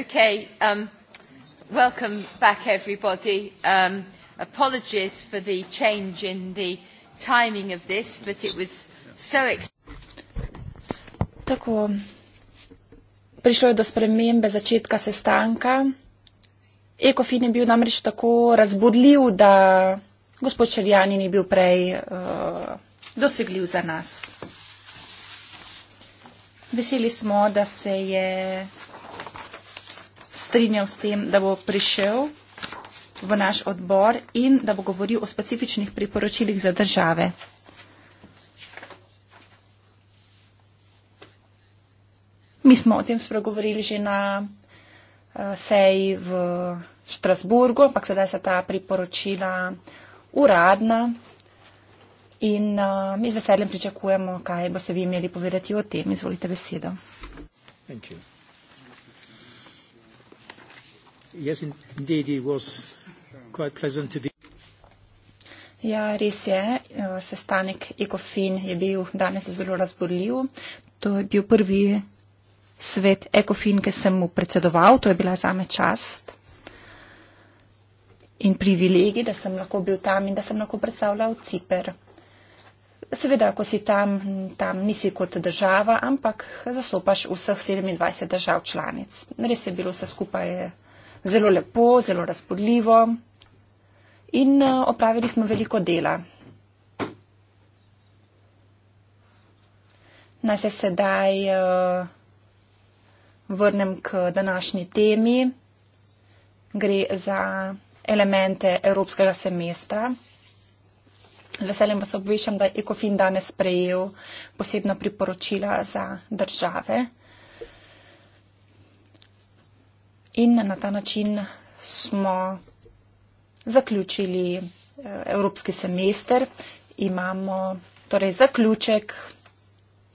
okay um welcome back everybody um apologies for the change in the timing of this but it was so ex tako prišlo je do spremembe začetka sestanka ekofin je bil namreč tako razburljiv da gospod Čerjani ni bil prej uh, dosegljiv za nas Veseli smo, da se je strinjal s tem, da bo prišel v naš odbor in da bo govoril o specifičnih priporočilih za države. Mi smo o tem spregovorili že na eh, seji v Štrasburgu, ampak sedaj so ta priporočila uradna in eh, mi z veseljem pričakujemo, kaj boste vi imeli povedati o tem. Izvolite besedo. Thank you. Yes, indeed, it was quite pleasant to be. Ja, res je, eh, sestanek ECOFIN je bil danes zelo razborljiv. To je bil prvi svet ECOFIN, ki sem mu predsedoval. To je bila zame čast in privilegij, da sem lahko bil tam in da sem lahko predstavljal Ciper. Seveda, ko si tam, tam nisi kot država, ampak zastopaš vseh 27 držav članic. Res je bilo vse skupaj zelo lepo, zelo razpodljivo in eh, opravili smo veliko dela. Naj se sedaj eh, vrnem k današnji temi. Gre za elemente evropskega semestra. Z veseljem vas obvešam, da je ECOFIN danes sprejel posebno priporočila za države. In na ta način smo zaključili eh, evropski semester. Imamo torej zaključek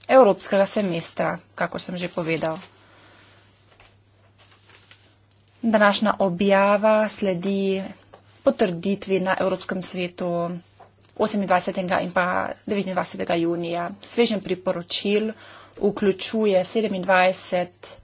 evropskega semestra, kako sem že povedal. Današnja objava sledi potrditvi na Evropskem svetu 28. in pa 29. junija. Svežen priporočil vključuje 27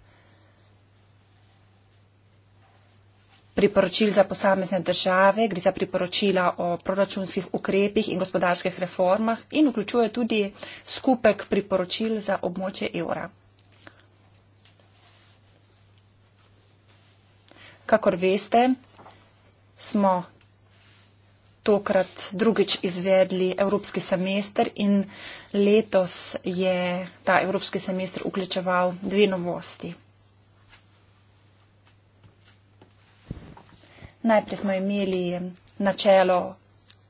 priporočil za posamezne države, gre za priporočila o proračunskih ukrepih in gospodarskih reformah in vključuje tudi skupek priporočil za območje evra. Kakor veste, smo tokrat drugič izvedli Evropski semester in letos je ta Evropski semester vključeval dve novosti. Najprej smo imeli načelo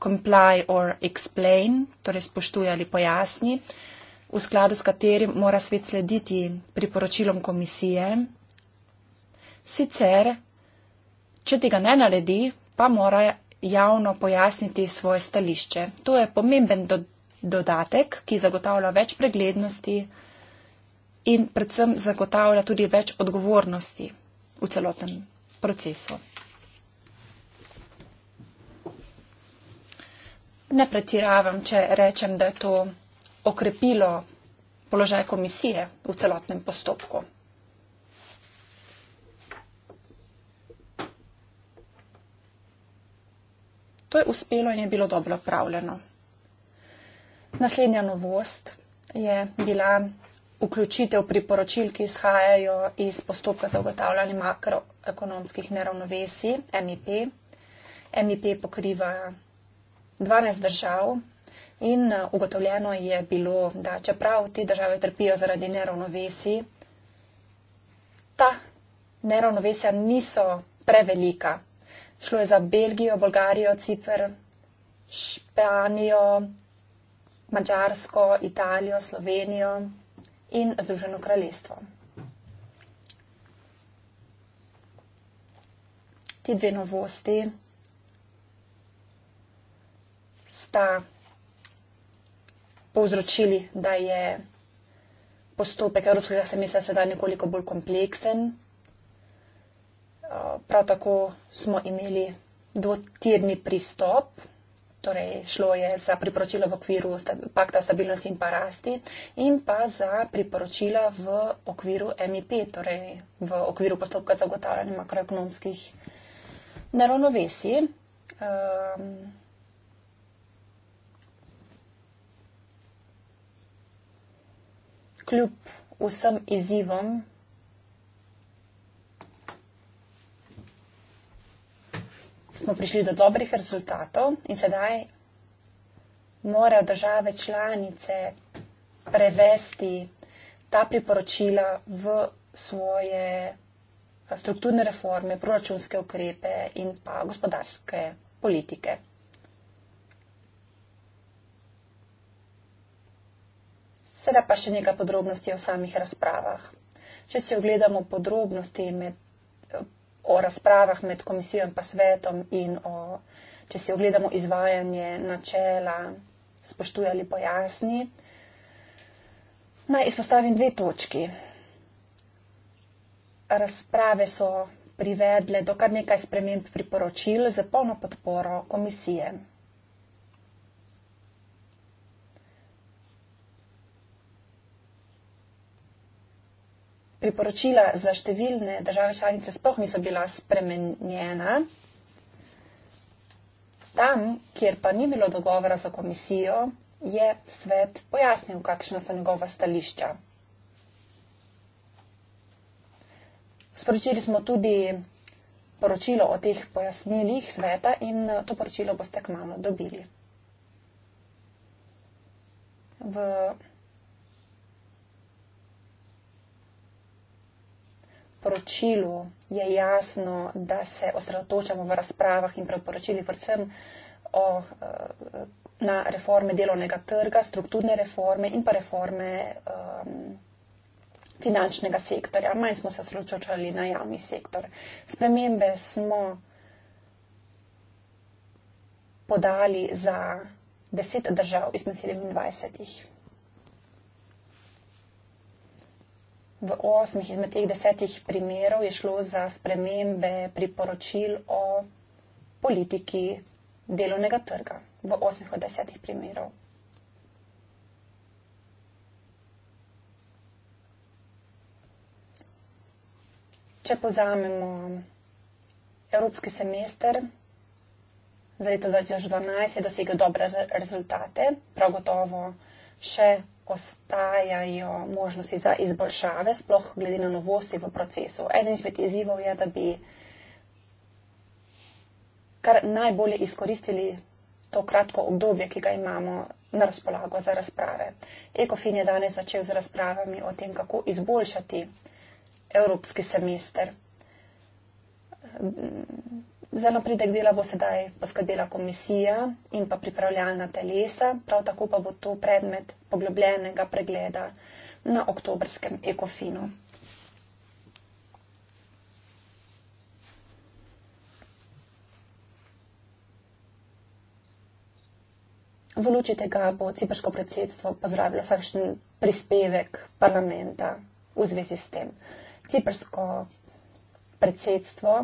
comply or explain, torej spoštuj ali pojasni, v skladu s katerim mora svet slediti priporočilom komisije. Sicer, če tega ne naredi, pa mora javno pojasniti svoje stališče. To je pomemben do dodatek, ki zagotavlja več preglednosti in predvsem zagotavlja tudi več odgovornosti v celotnem procesu. ne pretiravam, če rečem, da je to okrepilo položaj komisije v celotnem postopku. To je uspelo in je bilo dobro upravljeno. Naslednja novost je bila vključitev priporočil, ki izhajajo iz postopka za ugotavljanje makroekonomskih neravnovesij MIP. MIP pokriva 12 držav in eh, ugotovljeno je bilo, da čeprav te države trpijo zaradi neravnovesi, ta neravnovesja niso prevelika. Šlo je za Belgijo, Bolgarijo, Cipr, Španijo, Mačarsko, Italijo, Slovenijo in Združeno kraljestvo. Ti dve novosti sta povzročili, da je postopek Evropskega semestra sedaj nekoliko bolj kompleksen. Eh, prav tako smo imeli dvotirni pristop, torej šlo je za priporočila v okviru Pakta stabilnosti in pa rasti in pa za priporočila v okviru MIP, torej v okviru postopka zagotavljanja makroekonomskih neravnovesij. Ehm, kljub vsem izzivom? Smo prišli do dobrih rezultatov in sedaj morajo države članice prevesti ta priporočila v svoje strukturne reforme, proračunske ukrepe in pa gospodarske politike. Sedaj pa še nekaj podrobnosti o samih razpravah. Če si ogledamo podrobnosti med, o razpravah med komisijo in pa svetom in o, če si ogledamo izvajanje načela, spoštuj ali pojasni, naj izpostavim dve točki. Razprave so privedle do kar nekaj sprememb priporočil za polno podporo komisije. priporočila za številne države članice sploh niso bila spremenjena. Tam, kjer pa ni bilo dogovora za komisijo, je svet pojasnil, kakšna so njegova stališča. Sporočili smo tudi poročilo o teh pojasnilih sveta in eh, to poročilo boste k malo dobili. V priporočilu je jasno, da se osredotočamo v razpravah in priporočili predvsem o, eh, na reforme delovnega trga, strukturne reforme in pa reforme um, finančnega sektorja. Manj smo se osredotočali na javni sektor. Spremembe smo podali za deset držav izmed 27. V osmih izmed teh desetih primerov je šlo za spremembe priporočil o politiki delovnega trga. V osmih od desetih primerov. Če pozamemo evropski semester, za leto 2012 je dosegel dobre rezultate, prav gotovo še ostajajo možnosti za izboljšave, sploh glede na novosti v procesu. Eden izmed izzivov je, da bi kar najbolje izkoristili to kratko obdobje, ki ga imamo na razpolago za razprave. Ekofin je danes začel z razpravami o tem, kako izboljšati evropski semester. Za napredek dela bo sedaj poskrbela komisija in pa pripravljalna telesa, prav tako pa bo to predmet poglobljenega pregleda na oktobrskem ekofinu. V luči tega bo ciprško predsedstvo pozdravilo vsakšen prispevek parlamenta v zvezi s tem. Ciprsko predsedstvo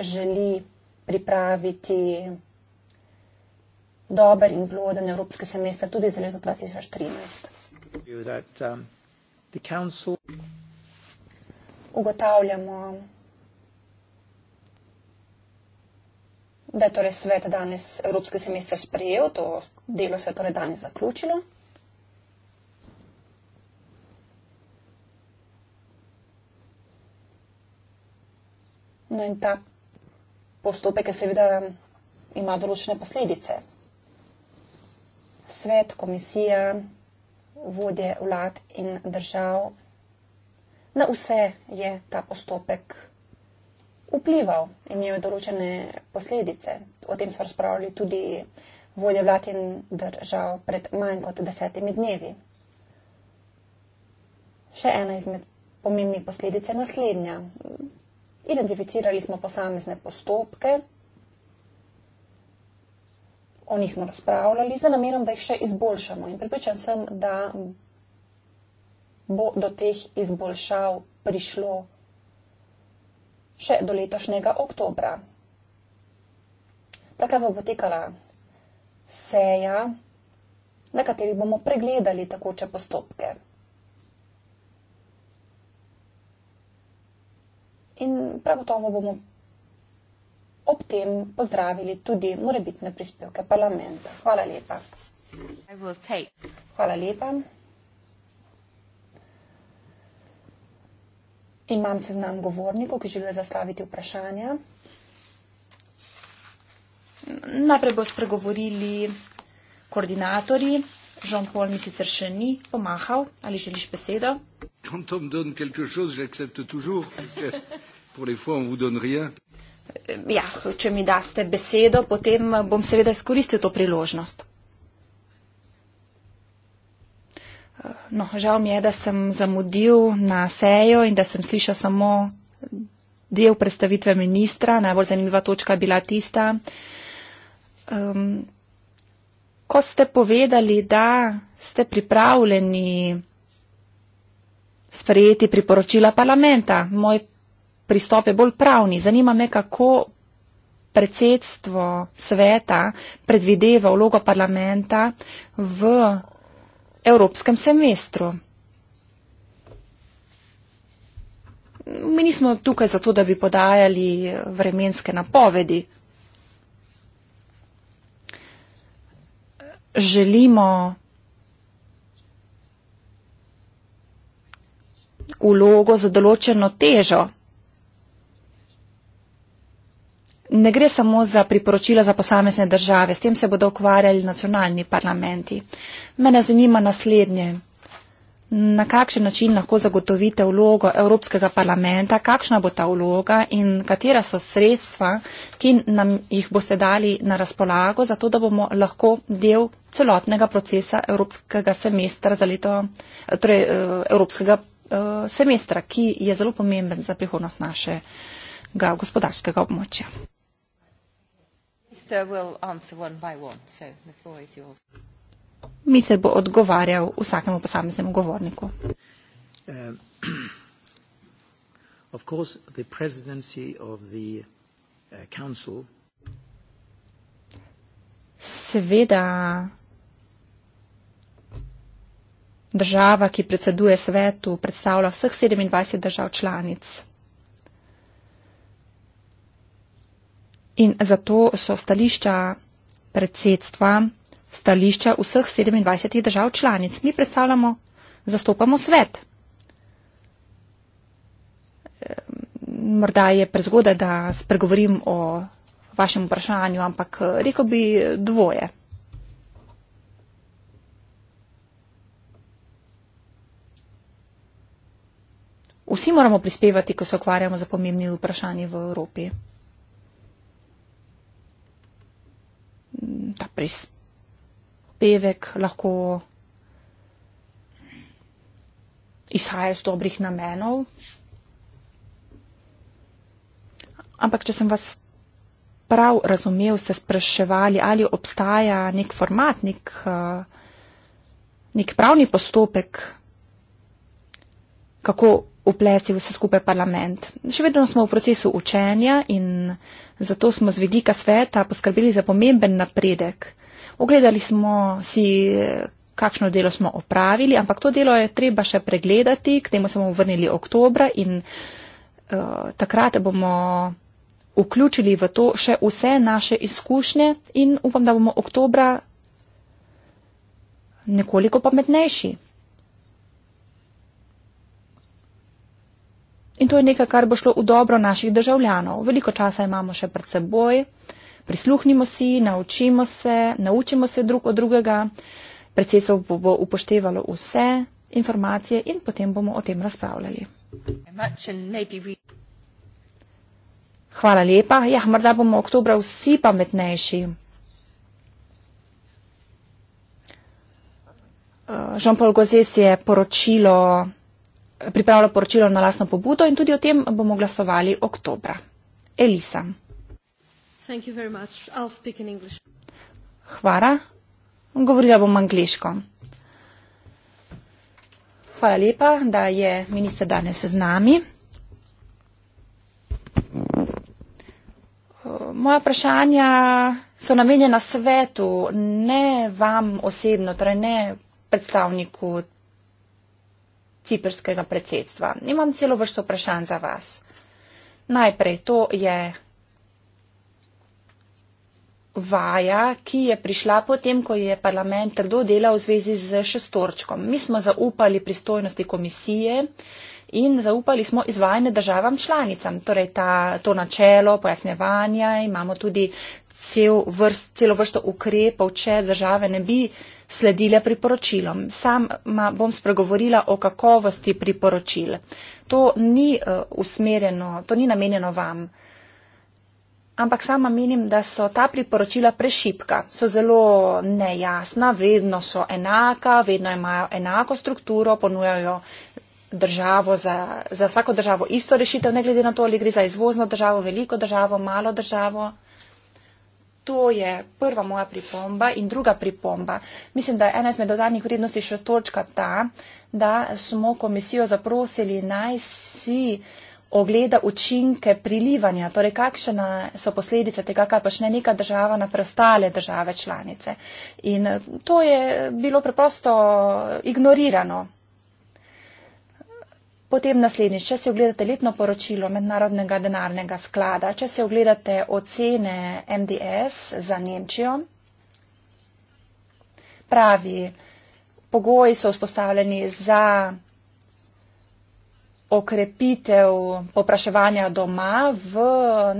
želi pripraviti dober in bloden evropski semester tudi za leto 2013. Ugotavljamo, da je torej svet danes evropski semester sprejel, to delo se je torej danes zaključilo. No in ta postopek je seveda ima določene posledice svet, komisija, vodje vlad in držav. Na vse je ta postopek vplival, imel je določene posledice. O tem so razpravljali tudi vodje vlad in držav pred manj kot desetimi dnevi. Še ena izmed pomembnih posledic je naslednja. Identificirali smo posamezne postopke, o njih smo razpravljali, za namerom, da jih še izboljšamo. In pripričan sem, da bo do teh izboljšav prišlo še do letošnjega oktobra. Takrat bo potekala seja, na kateri bomo pregledali takoče postopke. In prav gotovo bomo ob tem pozdravili tudi morebitne prispevke parlamenta. Hvala lepa. Hvala lepa. Imam seznam govornikov, ki želijo zastaviti vprašanja. Najprej bo spregovorili koordinatorji. Žon Pol mi sicer še ni pomahal. Ali želiš besedo? Quand on me donne quelque chose, j'accepte toujours, parce que pour les fois, on ne vous donne rien. Ja, če mi daste besedo, potem bom seveda izkoristil to priložnost. No, žal mi je, da sem zamudil na sejo in da sem slišal samo del predstavitve ministra. Najbolj zanimiva točka je bila tista. Um, ko ste povedali, da ste pripravljeni sprejeti priporočila parlamenta, moj pristop je bolj pravni. Zanima me, kako predsedstvo sveta predvideva vlogo parlamenta v evropskem semestru. Mi nismo tukaj zato, da bi podajali vremenske napovedi. Želimo vlogo za določeno težo ne gre samo za priporočila za posamezne države, s tem se bodo ukvarjali nacionalni parlamenti. Mene zanima naslednje. Na kakšen način lahko zagotovite vlogo Evropskega parlamenta, kakšna bo ta vloga in katera so sredstva, ki nam jih boste dali na razpolago, zato da bomo lahko del celotnega procesa Evropskega semestra, leto, torej, eh, Evropskega eh, semestra ki je zelo pomemben za prihodnost našega gospodarskega območja. Minister will answer one by one, so the floor is yours. Minister bo odgovarjal vsakemu posameznemu govorniku. Uh, of course, the presidency of the uh, council Seveda država, ki predseduje svetu, predstavlja vseh 27 držav članic. In zato so stališča predsedstva, stališča vseh 27 držav članic. Mi predstavljamo, zastopamo svet. Ehm, morda je prezgoda, da spregovorim o vašem vprašanju, ampak eh, rekel bi dvoje. Vsi moramo prispevati, ko se ukvarjamo z pomembnimi vprašanji v Evropi. ta prispevek lahko izhaja iz dobrih namenov. Ampak, če sem vas prav razumel, ste spraševali, ali obstaja nek format, nek, eh, nek pravni postopek, kako uplesti vse skupaj parlament. Še vedno smo v procesu učenja in zato smo z vidika sveta poskrbeli za pomemben napredek. Ogledali smo si, kakšno delo smo opravili, ampak to delo je treba še pregledati, k temu smo vrnili oktobra in uh, takrat bomo vključili v to še vse naše izkušnje in upam, da bomo oktobra nekoliko pametnejši. In to je nekaj, kar bo šlo v dobro naših državljanov. Veliko časa imamo še pred seboj, prisluhnimo si, naučimo se, naučimo se drug od drugega, predsedstvo bo, bo upoštevalo vse informacije in potem bomo o tem razpravljali. Hvala lepa. Ja, morda bomo oktobra vsi pametnejši. Uh, Jean-Paul Gozes je poročilo pripravila poročilo na lasno pobudo in tudi o tem bomo glasovali oktobra. Elisa. Hvala. Govorila bom angliško. Hvala lepa, da je minister danes z nami. Moja vprašanja so namenjena svetu, ne vam osebno, torej ne predstavniku ciperskega predsedstva. Imam celo vrsto vprašanj za vas. Najprej to je vaja, ki je prišla potem, ko je parlament trdo delal v zvezi z šestorčkom. Mi smo zaupali pristojnosti komisije in zaupali smo izvajanje državam članicam. Torej ta, to načelo pojasnevanja, imamo tudi cel vrst, celo vrsto ukrepov, če države ne bi sledile priporočilom. Sama bom spregovorila o kakovosti priporočil. To ni eh, usmerjeno, to ni namenjeno vam. Ampak sama menim, da so ta priporočila prešipka, so zelo nejasna, vedno so enaka, vedno imajo enako strukturo, ponujajo državo za, za vsako državo isto rešitev, ne glede na to, ali gre za izvozno državo, veliko državo, malo državo, To je prva moja pripomba in druga pripomba. Mislim, da je ena izmed dodanih vrednosti še točka ta, da smo komisijo zaprosili naj si ogleda učinke prilivanja, torej kakšne so posledice tega, kar počne neka država na preostale države članice. In to je bilo preprosto ignorirano. Potem naslednjič, če si ogledate letno poročilo Mednarodnega denarnega sklada, če si ogledate ocene MDS za Nemčijo, pravi, pogoji so vzpostavljeni za okrepitev popraševanja doma v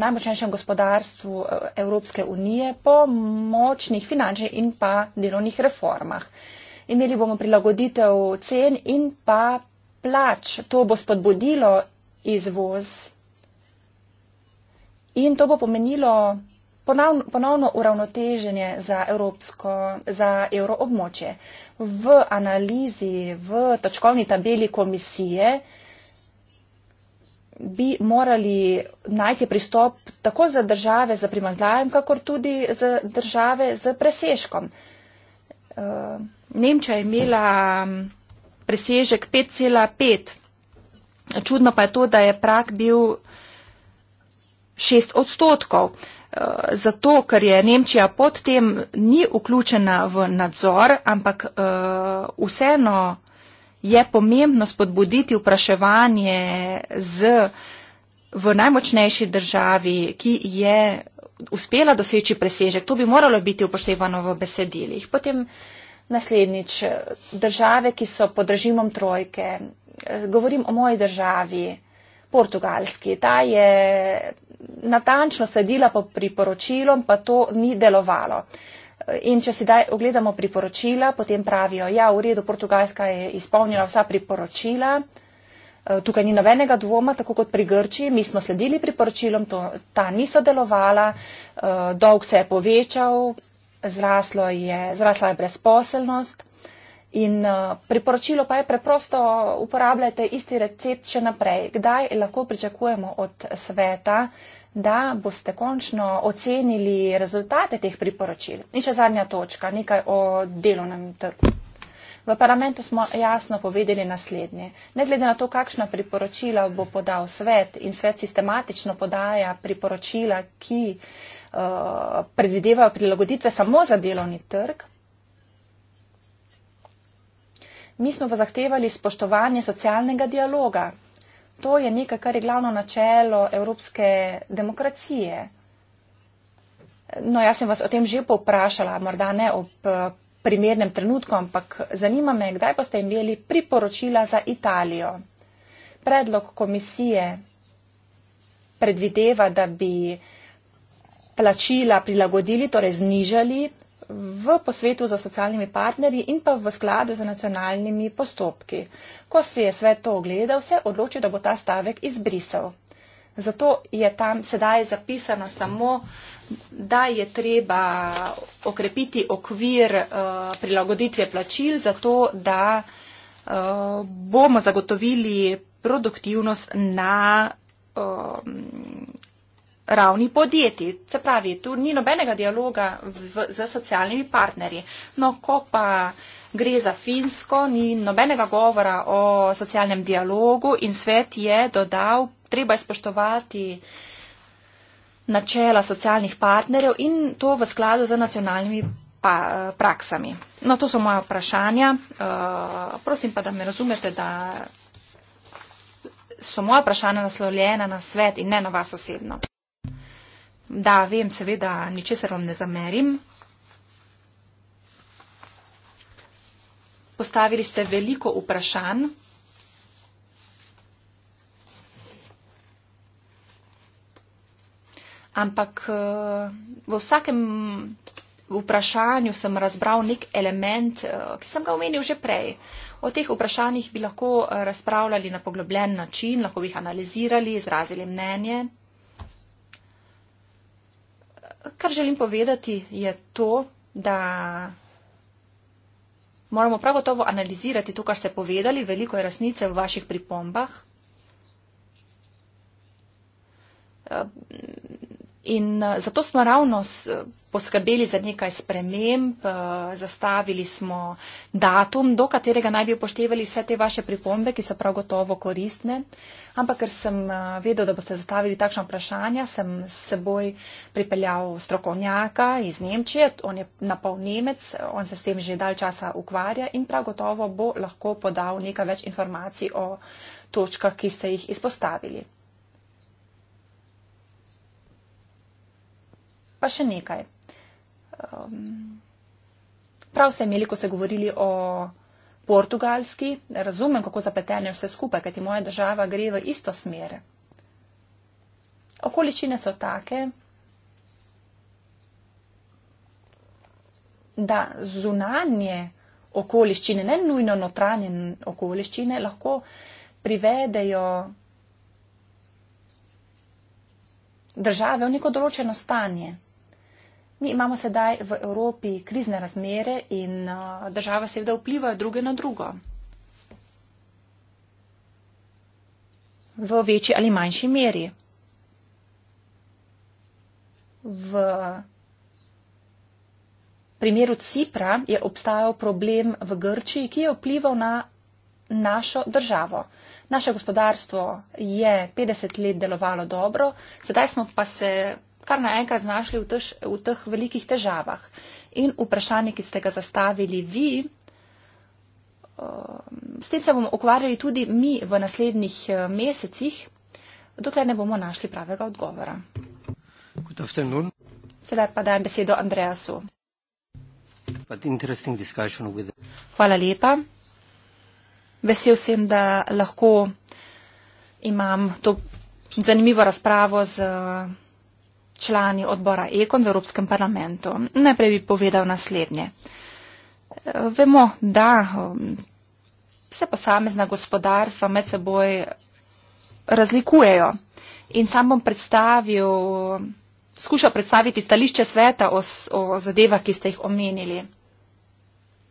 najmočnejšem gospodarstvu eh, Evropske unije po močnih finančnih in pa delovnih reformah. Imeli bomo prilagoditev cen in pa plač, to bo spodbudilo izvoz in to bo pomenilo ponavno, ponavno uravnoteženje za, evropsko, za evro območje. V analizi, v točkovni tabeli komisije bi morali najti pristop tako za države z primandlajem, kakor tudi za države z preseškom. Uh, Nemčija je imela. Hm presežek 5,5. Čudno pa je to, da je prak bil 6 odstotkov. Eh, zato, ker je Nemčija pod tem ni vključena v nadzor, ampak eh, vseeno je pomembno spodbuditi vpraševanje z, v najmočnejši državi, ki je uspela doseči presežek. To bi moralo biti upoštevano v besedilih. Potem uh, Naslednjič, države, ki so pod režimom trojke, eh, govorim o moji državi, portugalski, ta je natančno sledila po priporočilom, pa to ni delovalo. Eh, in če si daj ogledamo priporočila, potem pravijo, ja, v redu, portugalska je izpolnila vsa priporočila, eh, tukaj ni nobenega dvoma, tako kot pri Grči, mi smo sledili priporočilom, to, ta niso delovala, dolg se je povečal, zraslo je, zrasla je brezposelnost. In eh, priporočilo pa je preprosto uporabljajte isti recept še naprej. Kdaj lahko pričakujemo od sveta, da boste končno ocenili rezultate teh priporočil? In še zadnja točka, nekaj o delovnem trgu. V parlamentu smo jasno povedali naslednje. Ne glede na to, kakšna priporočila bo podal svet in svet sistematično podaja priporočila, ki. Eh, predvidevajo prilagoditve samo za delovni trg. Mi smo pa zahtevali spoštovanje socialnega dialoga. To je nekaj, kar je glavno načelo evropske demokracije. No, jaz sem vas o tem že povprašala, morda ne ob eh, primernem trenutku, ampak zanima me, kdaj boste imeli priporočila za Italijo. Predlog komisije predvideva, da bi uh, plačila prilagodili, torej znižali v posvetu za socialnimi partnerji in pa v skladu z nacionalnimi postopki. Ko si je svet to ogledal, se je odločil, da bo ta stavek izbrisal. Zato je tam sedaj zapisano samo, da je treba okrepiti okvir uh, prilagoditve plačil, zato da uh, bomo zagotovili produktivnost na. Uh, ravni podjetij. Se pravi, tu ni nobenega dialoga v, z socialnimi partnerji. No, ko pa gre za Finsko, ni nobenega govora o socialnem dialogu in svet je dodal, treba je spoštovati načela socialnih partnerjev in to v skladu z nacionalnimi pa, praksami. No, to so moja vprašanja. Uh, prosim pa, da me razumete, da so moja vprašanja naslovljena na svet in ne na vas osebno. Da, vem, seveda, ničesar vam ne zamerim. Postavili ste veliko vprašanj. Ampak eh, v vsakem vprašanju sem razbral nek element, eh, ki sem ga omenil že prej. O teh vprašanjih bi lahko eh, razpravljali na poglobljen način, lahko bi jih analizirali, izrazili mnenje kar želim povedati, je to, da moramo prav gotovo analizirati to, kar ste povedali. Veliko je resnice v vaših pripombah. In eh, zato smo ravno eh, poskrbeli za nekaj sprememb, eh, zastavili smo datum, do katerega naj bi upoštevali vse te vaše pripombe, ki so prav gotovo koristne. Ampak, ker sem eh, vedel, da boste zastavili takšno vprašanje, sem s seboj pripeljal strokovnjaka iz Nemčije. On je napol Nemec, on se s tem že dal časa ukvarja in prav gotovo bo lahko podal nekaj več informacij o točkah, ki ste jih izpostavili. Pa še nekaj. Um, prav ste imeli, ko ste govorili o portugalski. Razumem, kako zapletene vse skupaj, kajti moja država gre v isto smer. Okoličine so take, da zunanje okoliščine, ne nujno notranje okoliščine, lahko privedejo države v neko določeno stanje. Mi imamo sedaj v Evropi krizne razmere in uh, država seveda vplivajo druge na drugo. V večji ali manjši meri. V primeru Cipra je obstajal problem v Grčiji, ki je vplival na našo državo. Naše gospodarstvo je 50 let delovalo dobro, sedaj smo pa se kar naenkrat znašli v, tež, v teh velikih težavah. In vprašanje, ki ste ga zastavili vi, ehm, s tem se bomo ukvarjali tudi mi v naslednjih eh, mesecih, dokler ne bomo našli pravega odgovora. Sedaj pa dajem besedo Andreasu. Hvala lepa. Vesel sem, da lahko imam to zanimivo razpravo z člani odbora Ekon v Evropskem parlamentu. Najprej bi povedal naslednje. Vemo, da um, se posamezna gospodarstva med seboj razlikujejo in sam bom predstavil, skušal predstaviti stališče sveta o, o zadevah, ki ste jih omenili.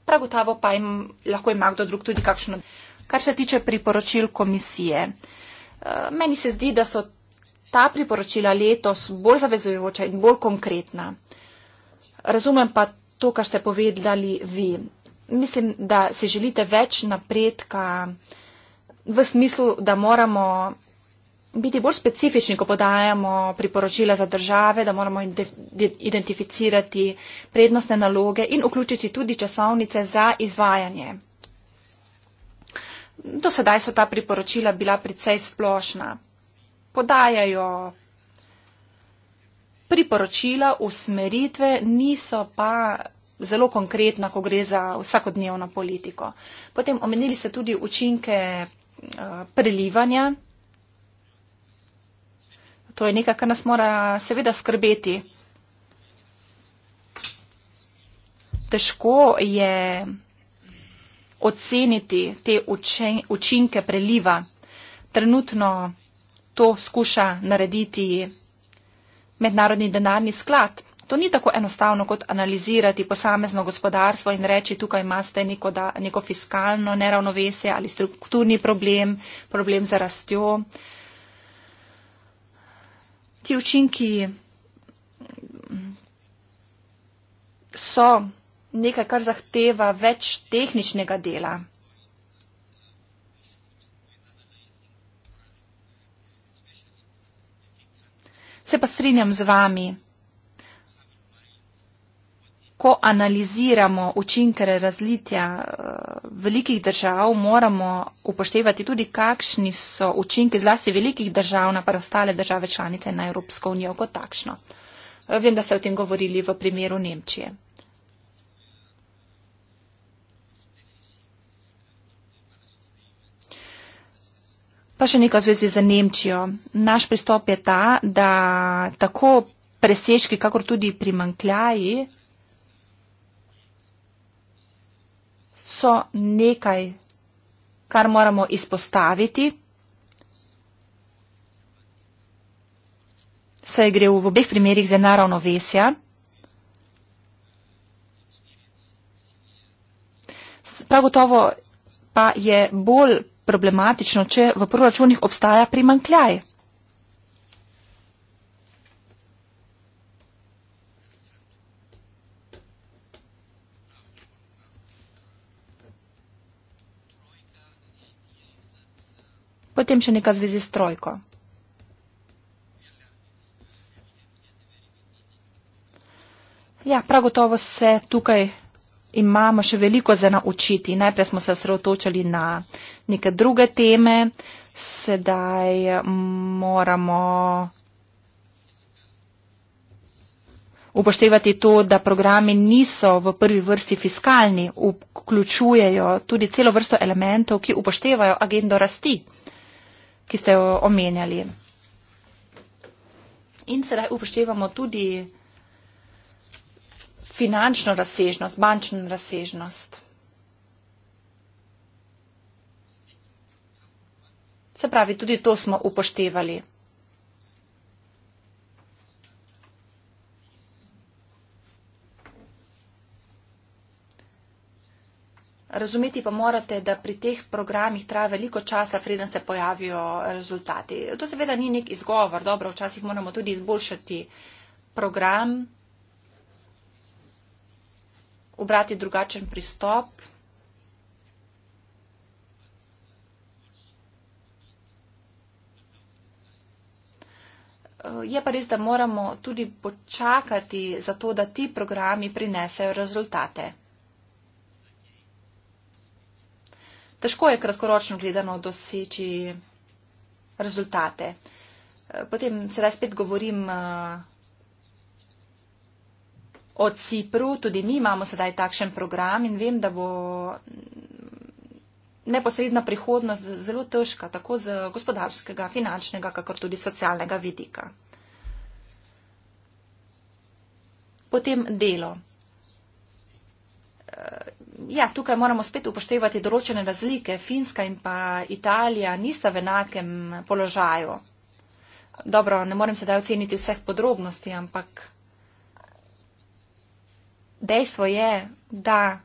Prav gotovo pa jim lahko ima kdo drug tudi kakšno. Kar se tiče priporočil komisije, uh, meni se zdi, da so ta priporočila letos bolj zavezujoča in bolj konkretna. Razumem pa to, kar ste povedali vi. Mislim, da si želite več napredka v smislu, da moramo biti bolj specifični, ko podajamo priporočila za države, da moramo identificirati prednostne naloge in vključiti tudi časovnice za izvajanje. Do sedaj so ta priporočila bila precej splošna podajajo priporočila, usmeritve, niso pa zelo konkretna, ko gre za vsakodnevno politiko. Potem omenili ste tudi učinke eh, prelivanja. To je nekaj, kar nas mora seveda skrbeti. Težko je oceniti te učinke preliva. Trenutno to skuša narediti mednarodni denarni sklad. To ni tako enostavno, kot analizirati posamezno gospodarstvo in reči, tukaj imate neko, da, neko fiskalno neravnovesje ali strukturni problem, problem za rastjo. Ti učinki mm, so nekaj, kar zahteva več tehničnega dela. Se pa strinjam z vami, ko analiziramo učinke razlitja eh, velikih držav, moramo upoštevati tudi, kakšni so učinki zlasti velikih držav na preostale države članice na Evropsko unijo kot takšno. Eh, vem, da ste o tem govorili v primeru Nemčije. Pa še nekaj v zvezi z Nemčijo. Naš pristop je ta, da tako preseški, kakor tudi primankljaji so nekaj, kar moramo izpostaviti. Saj gre v obeh primerih za naravnovesja. Prav gotovo pa je bolj problematično, če v proračunih obstaja primankljaj. Potem še nekaj zvezi s trojko. Ja, prav gotovo se tukaj imamo še veliko za naučiti. Najprej smo se osredotočili na neke druge teme, sedaj moramo upoštevati to, da programi niso v prvi vrsti fiskalni, vključujejo tudi celo vrsto elementov, ki upoštevajo agendo rasti, ki ste jo omenjali. In sedaj upoštevamo tudi finančno razsežnost, bančno razsežnost. Se pravi, tudi to smo upoštevali. Razumeti pa morate, da pri teh programih traja veliko časa, preden se pojavijo rezultati. To seveda ni nek izgovor, dobro, včasih moramo tudi izboljšati program, ubrati drugačen pristop. Eh, je pa res, da moramo tudi počakati za to, da ti programi prinesejo rezultate. Težko je kratkoročno gledano doseči rezultate. Eh, potem sedaj spet govorim eh, o Cipru, tudi mi imamo sedaj takšen program in vem, da bo neposredna prihodnost zelo težka, tako z gospodarskega, finančnega, kakor tudi socialnega vidika. Potem delo. Eh, ja, tukaj moramo spet upoštevati določene razlike. Finska in pa Italija nista v enakem položaju. Dobro, ne morem sedaj oceniti vseh podrobnosti, ampak dejstvo je, da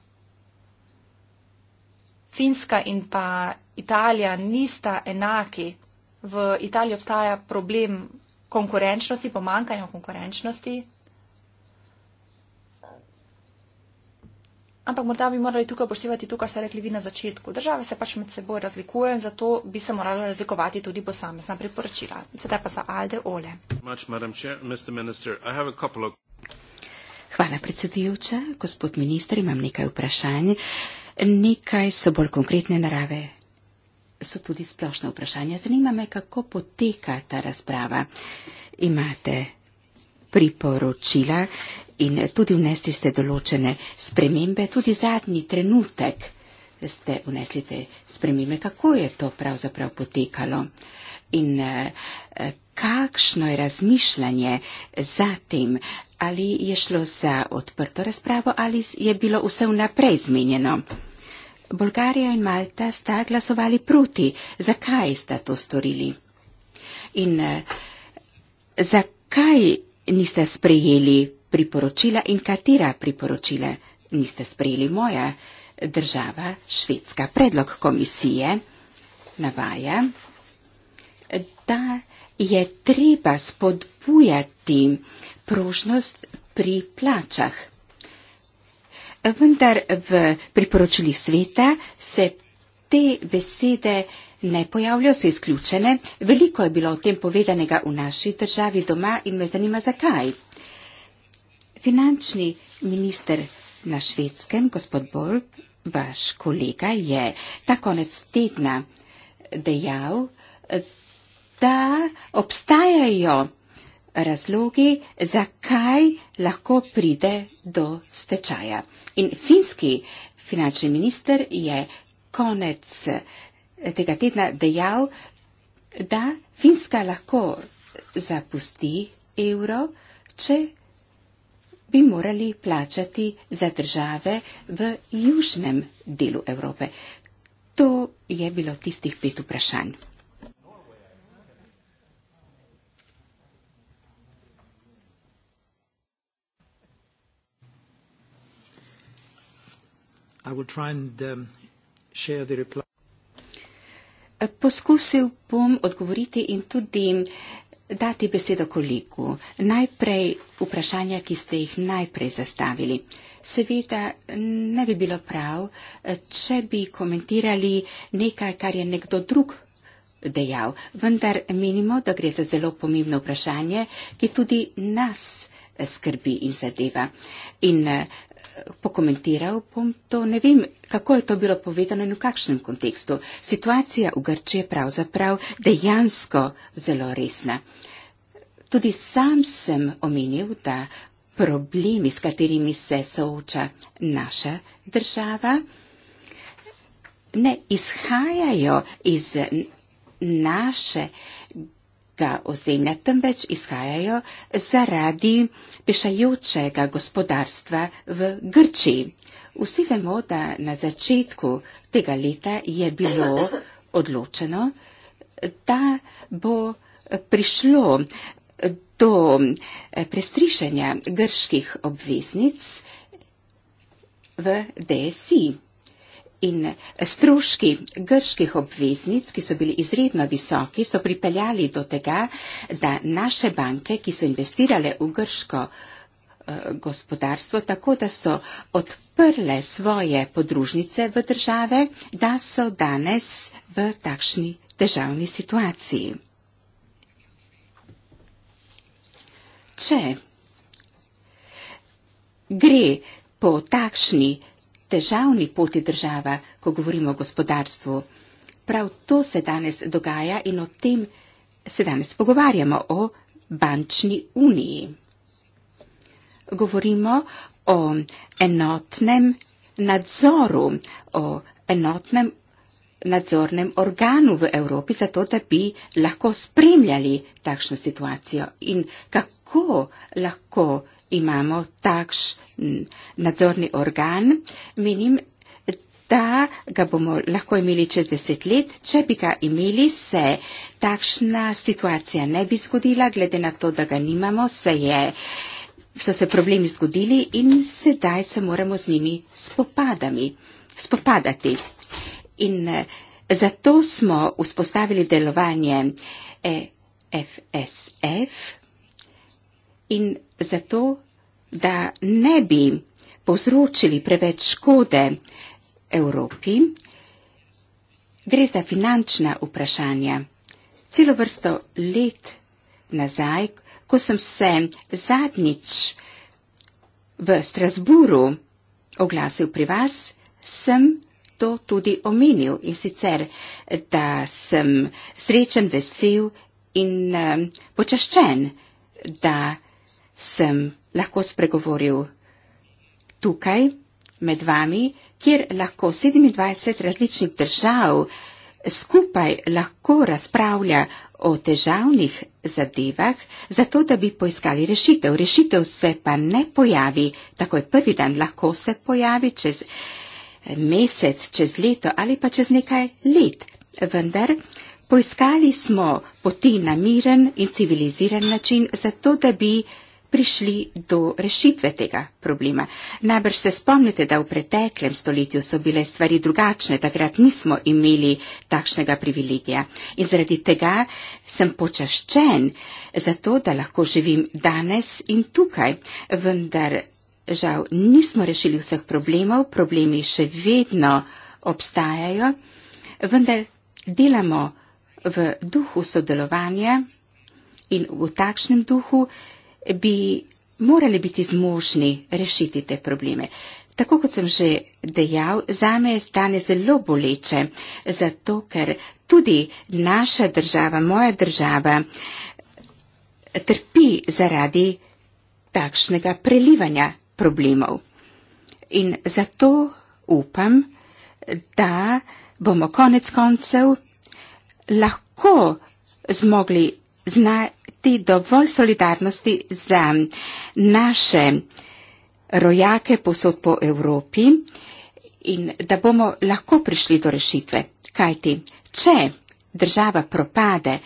Finska in pa Italija nista enaki. V Italiji obstaja problem konkurenčnosti, pomankanja konkurenčnosti. Ampak morda bi morali tukaj upoštevati to, kar ste rekli vi na začetku. Države se pač med seboj razlikujejo in zato bi se morali razlikovati tudi posamezna priporočila. Sedaj pa za Alde Ole. Much, Hvala, predsedujoča. Gospod minister, imam nekaj vprašanj. Nekaj so bolj konkretne narave, so tudi splošne vprašanja. Zanima me, kako poteka ta razprava. Imate priporočila in tudi vnesli ste določene spremembe, tudi zadnji trenutek ste vnesli te spremembe. Kako je to pravzaprav potekalo in eh, kakšno je razmišljanje za tem, Ali je šlo za odprto razpravo ali je bilo vse vnaprej zmenjeno? Bolgarija in Malta sta glasovali proti. Zakaj sta to storili? In eh, zakaj niste sprejeli priporočila in katera priporočila niste sprejeli? Moja država, švedska predlog komisije, navaja, da je treba spodbujati prožnost pri plačah. Vendar v priporočilih sveta se te besede ne pojavljajo, so izključene. Veliko je bilo o tem povedanega v naši državi doma in me zanima, zakaj. Finančni minister na švedskem, gospod Borg, vaš kolega, je ta konec tedna dejal, da obstajajo razlogi, zakaj lahko pride do stečaja. In finski finančni minister je konec eh, tega tedna dejal, da Finska lahko zapusti evro, če bi morali plačati za države v južnem delu Evrope. To je bilo tistih pet vprašanj. I will try and um, share the reply. Poskusil bom odgovoriti in tudi dati besedo kolegu. Najprej vprašanja, ki ste jih najprej zastavili. Seveda ne bi bilo prav, če bi komentirali nekaj, kar je nekdo drug dejal. Vendar menimo, da gre za zelo pomembno vprašanje, ki tudi nas skrbi in zadeva. In pokomentiral bom to, ne vem, kako je to bilo povedano in v kakšnem kontekstu. Situacija v Grčiji je pravzaprav dejansko zelo resna. Tudi sam sem omenil, da problemi, s katerimi se sooča naša država, ne izhajajo iz naše ta ozemlja, temveč izhajajo zaradi pešajočega gospodarstva v Grčiji. Vsi vemo, da na začetku tega leta je bilo odločeno, da bo prišlo do prestrišanja grških obveznic v DSI. In stroški grških obveznic, ki so bili izredno visoki, so pripeljali do tega, da naše banke, ki so investirale v grško eh, gospodarstvo, tako da so odprle svoje podružnice v države, da so danes v takšni težavni situaciji. Če gre po takšni težavni poti država, ko govorimo o gospodarstvu. Prav to se danes dogaja in o tem se danes pogovarjamo o bančni uniji. Govorimo o enotnem nadzoru, o enotnem nadzornem organu v Evropi, zato da bi lahko spremljali takšno situacijo in kako lahko imamo takšen nadzorni organ, menim, da ga bomo lahko imeli čez deset let. Če bi ga imeli, se takšna situacija ne bi zgodila, glede na to, da ga nimamo, se je, so se problemi zgodili in sedaj se moramo z njimi spopadami, spopadati. In eh, zato smo vzpostavili delovanje EFSF. Eh, in zato, da ne bi povzročili preveč škode Evropi, gre za finančna vprašanja. Celo vrsto let nazaj, ko sem se zadnjič v Strasburu oglasil pri vas, sem to tudi omenil in sicer, da sem srečen, vesel in eh, počaščen, da sem lahko spregovoril. Tukaj, med vami, kjer lahko 27 različnih držav skupaj lahko razpravlja o težavnih zadevah, zato da bi poiskali rešitev. Rešitev se pa ne pojavi, tako je prvi dan, lahko se pojavi čez mesec, čez leto ali pa čez nekaj let. Vendar poiskali smo poti na miren in civiliziran način, zato da bi prišli do rešitve tega problema. Najbrž se spomnite, da v preteklem stoletju so bile stvari drugačne, takrat nismo imeli takšnega privilegija. In zaradi tega sem počaščen, zato da lahko živim danes in tukaj. Vendar žal nismo rešili vseh problemov, problemi še vedno obstajajo, vendar delamo v duhu sodelovanja in v takšnem duhu, bi morali biti zmožni rešiti te probleme. Tako kot sem že dejal, zame je stane zelo boleče, zato ker tudi naša država, moja država, trpi zaradi takšnega prelivanja problemov. In zato upam, da bomo konec koncev lahko zmogli imeti dovolj solidarnosti za naše rojake posod po Evropi in da bomo lahko prišli do rešitve. Kajti, če država propade,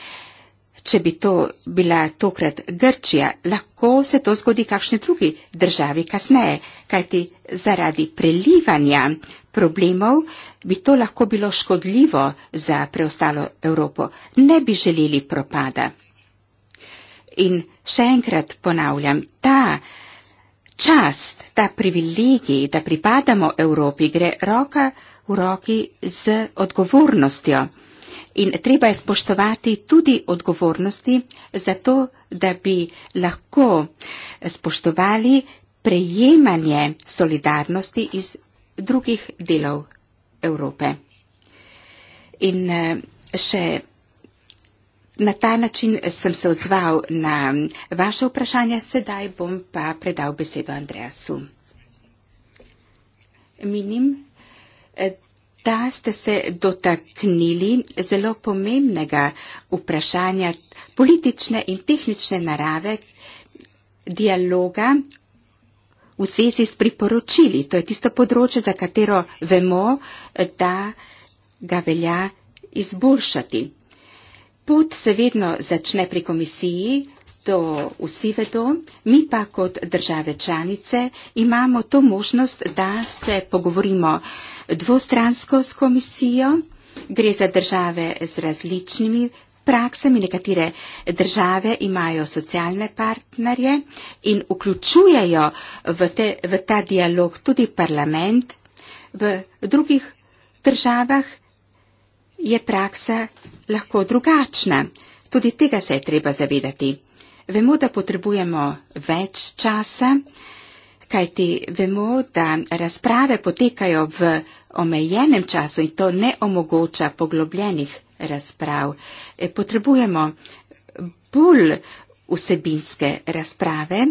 če bi to bila tokrat Grčija, lahko se to zgodi kakšni drugi državi kasneje. Kajti, zaradi prelivanja problemov bi to lahko bilo škodljivo za preostalo Evropo. Ne bi želeli propada. In še enkrat ponavljam, ta čast, ta privilegij, da pripadamo Evropi, gre roka v roki z odgovornostjo. In treba je spoštovati tudi odgovornosti za to, da bi lahko spoštovali prejemanje solidarnosti iz drugih delov Evrope. In eh, še Na ta način sem se odzval na vaše vprašanje, sedaj bom pa predal besedo Andreasu. Menim, da ste se dotaknili zelo pomembnega vprašanja politične in tehnične narave dialoga v zvezi s priporočili. To je tisto področje, za katero vemo, da ga velja izboljšati. Pot se vedno začne pri komisiji, to vsi vedo, mi pa kot države članice imamo to možnost, da se pogovorimo dvostransko s komisijo, gre za države z različnimi praksami, nekatere države imajo socialne partnerje in vključujejo v, te, v ta dialog tudi parlament, v drugih državah je praksa lahko drugačna. Tudi tega se je treba zavedati. Vemo, da potrebujemo več časa, kajti vemo, da razprave potekajo v omejenem času in to ne omogoča poglobljenih razprav. E, potrebujemo bolj vsebinske razprave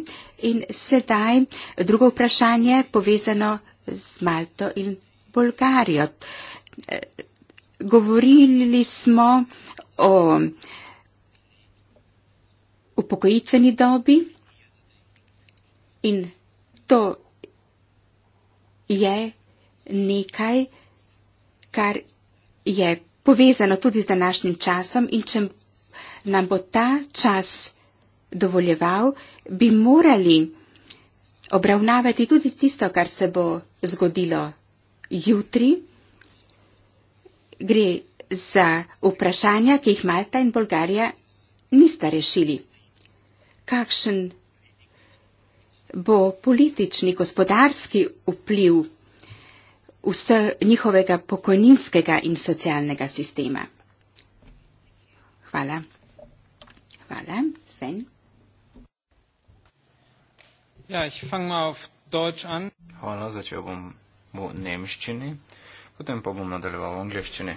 in sedaj drugo vprašanje povezano z Malto in Bolgarijo. E, govorili smo o upokojitveni dobi in to je nekaj, kar je povezano tudi z današnjim časom in če nam bo ta čas dovoljeval, bi morali obravnavati tudi tisto, kar se bo zgodilo jutri gre za vprašanja, ki jih Malta in Bolgarija nista rešili. Kakšen bo politični, gospodarski vpliv vse njihovega pokojninskega in socialnega sistema? Hvala. Hvala, Sven. Ja, ich fang mal auf Deutsch an. Hvala, začel bom v nemščini. Potem pa bom nadaljeval v angliščini.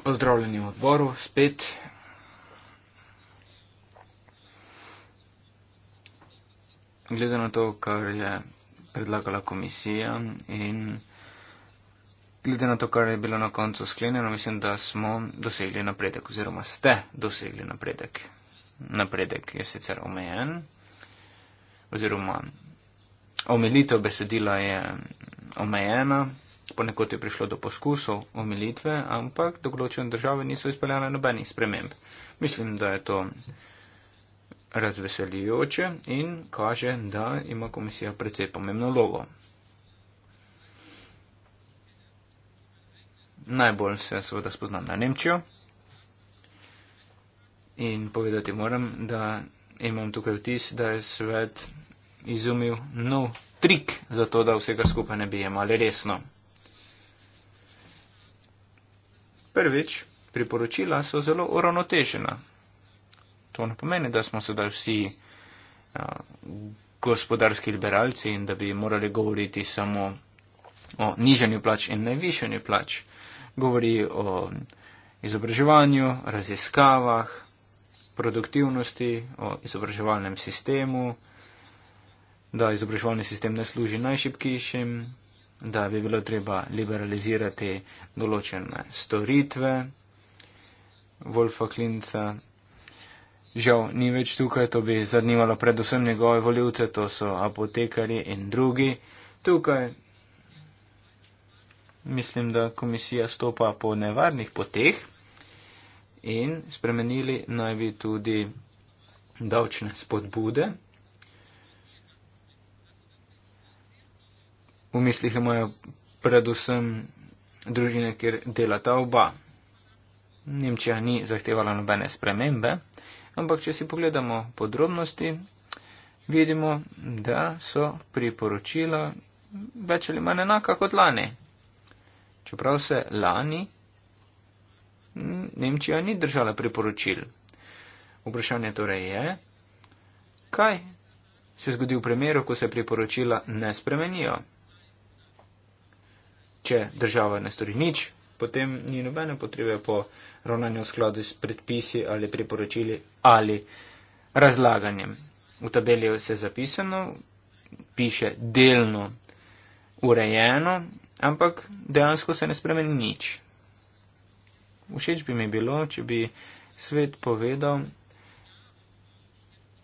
Pozdravljeni v odboru, spet. Glede na to, kar je predlagala komisija in glede na to, kar je bilo na koncu sklenjeno, mislim, da smo dosegli napredek oziroma ste dosegli napredek. Napredek je sicer omejen oziroma omilitev besedila je mm, omejena, ponekod je prišlo do poskusov omilitve, ampak določene države niso izpeljale nobenih sprememb. Mislim, da je to razveseljujoče in kaže, da ima komisija precej pomembno logo. Najbolj se seveda spoznam na Nemčijo in povedati moram, da imam tukaj vtis, da je svet izumil nov trik za to, da vsega skupaj ne bi jemali resno. Prvič, priporočila so zelo uravnotežena. To ne pomeni, da smo sedaj vsi a, gospodarski liberalci in da bi morali govoriti samo o nižanju plač in najvišanju plač. Govori o izobraževanju, raziskavah, produktivnosti, o izobraževalnem sistemu, da izobraževalni sistem ne služi najšipkejšim, da bi bilo treba liberalizirati določene storitve Wolfa Klinca. Žal ni več tukaj, to bi zanimalo predvsem njegove voljivce, to so apotekari in drugi. Tukaj mislim, da komisija stopa po nevarnih poteh in spremenili naj bi tudi davčne spodbude. V mislih imajo predvsem družine, kjer delata oba. Nemčija ni zahtevala nobene spremembe, ampak če si pogledamo podrobnosti, vidimo, da so priporočila več ali manj enaka kot lani. Čeprav se lani Nemčija ni držala priporočil. Vprašanje torej je, kaj se zgodi v primeru, ko se priporočila ne spremenijo če država ne stori nič, potem ni nobene potrebe po ravnanju v skladu s predpisi ali priporočili ali razlaganjem. V tabeli je vse zapisano, piše delno urejeno, ampak dejansko se ne spremeni nič. Všeč bi mi bilo, če bi svet povedal,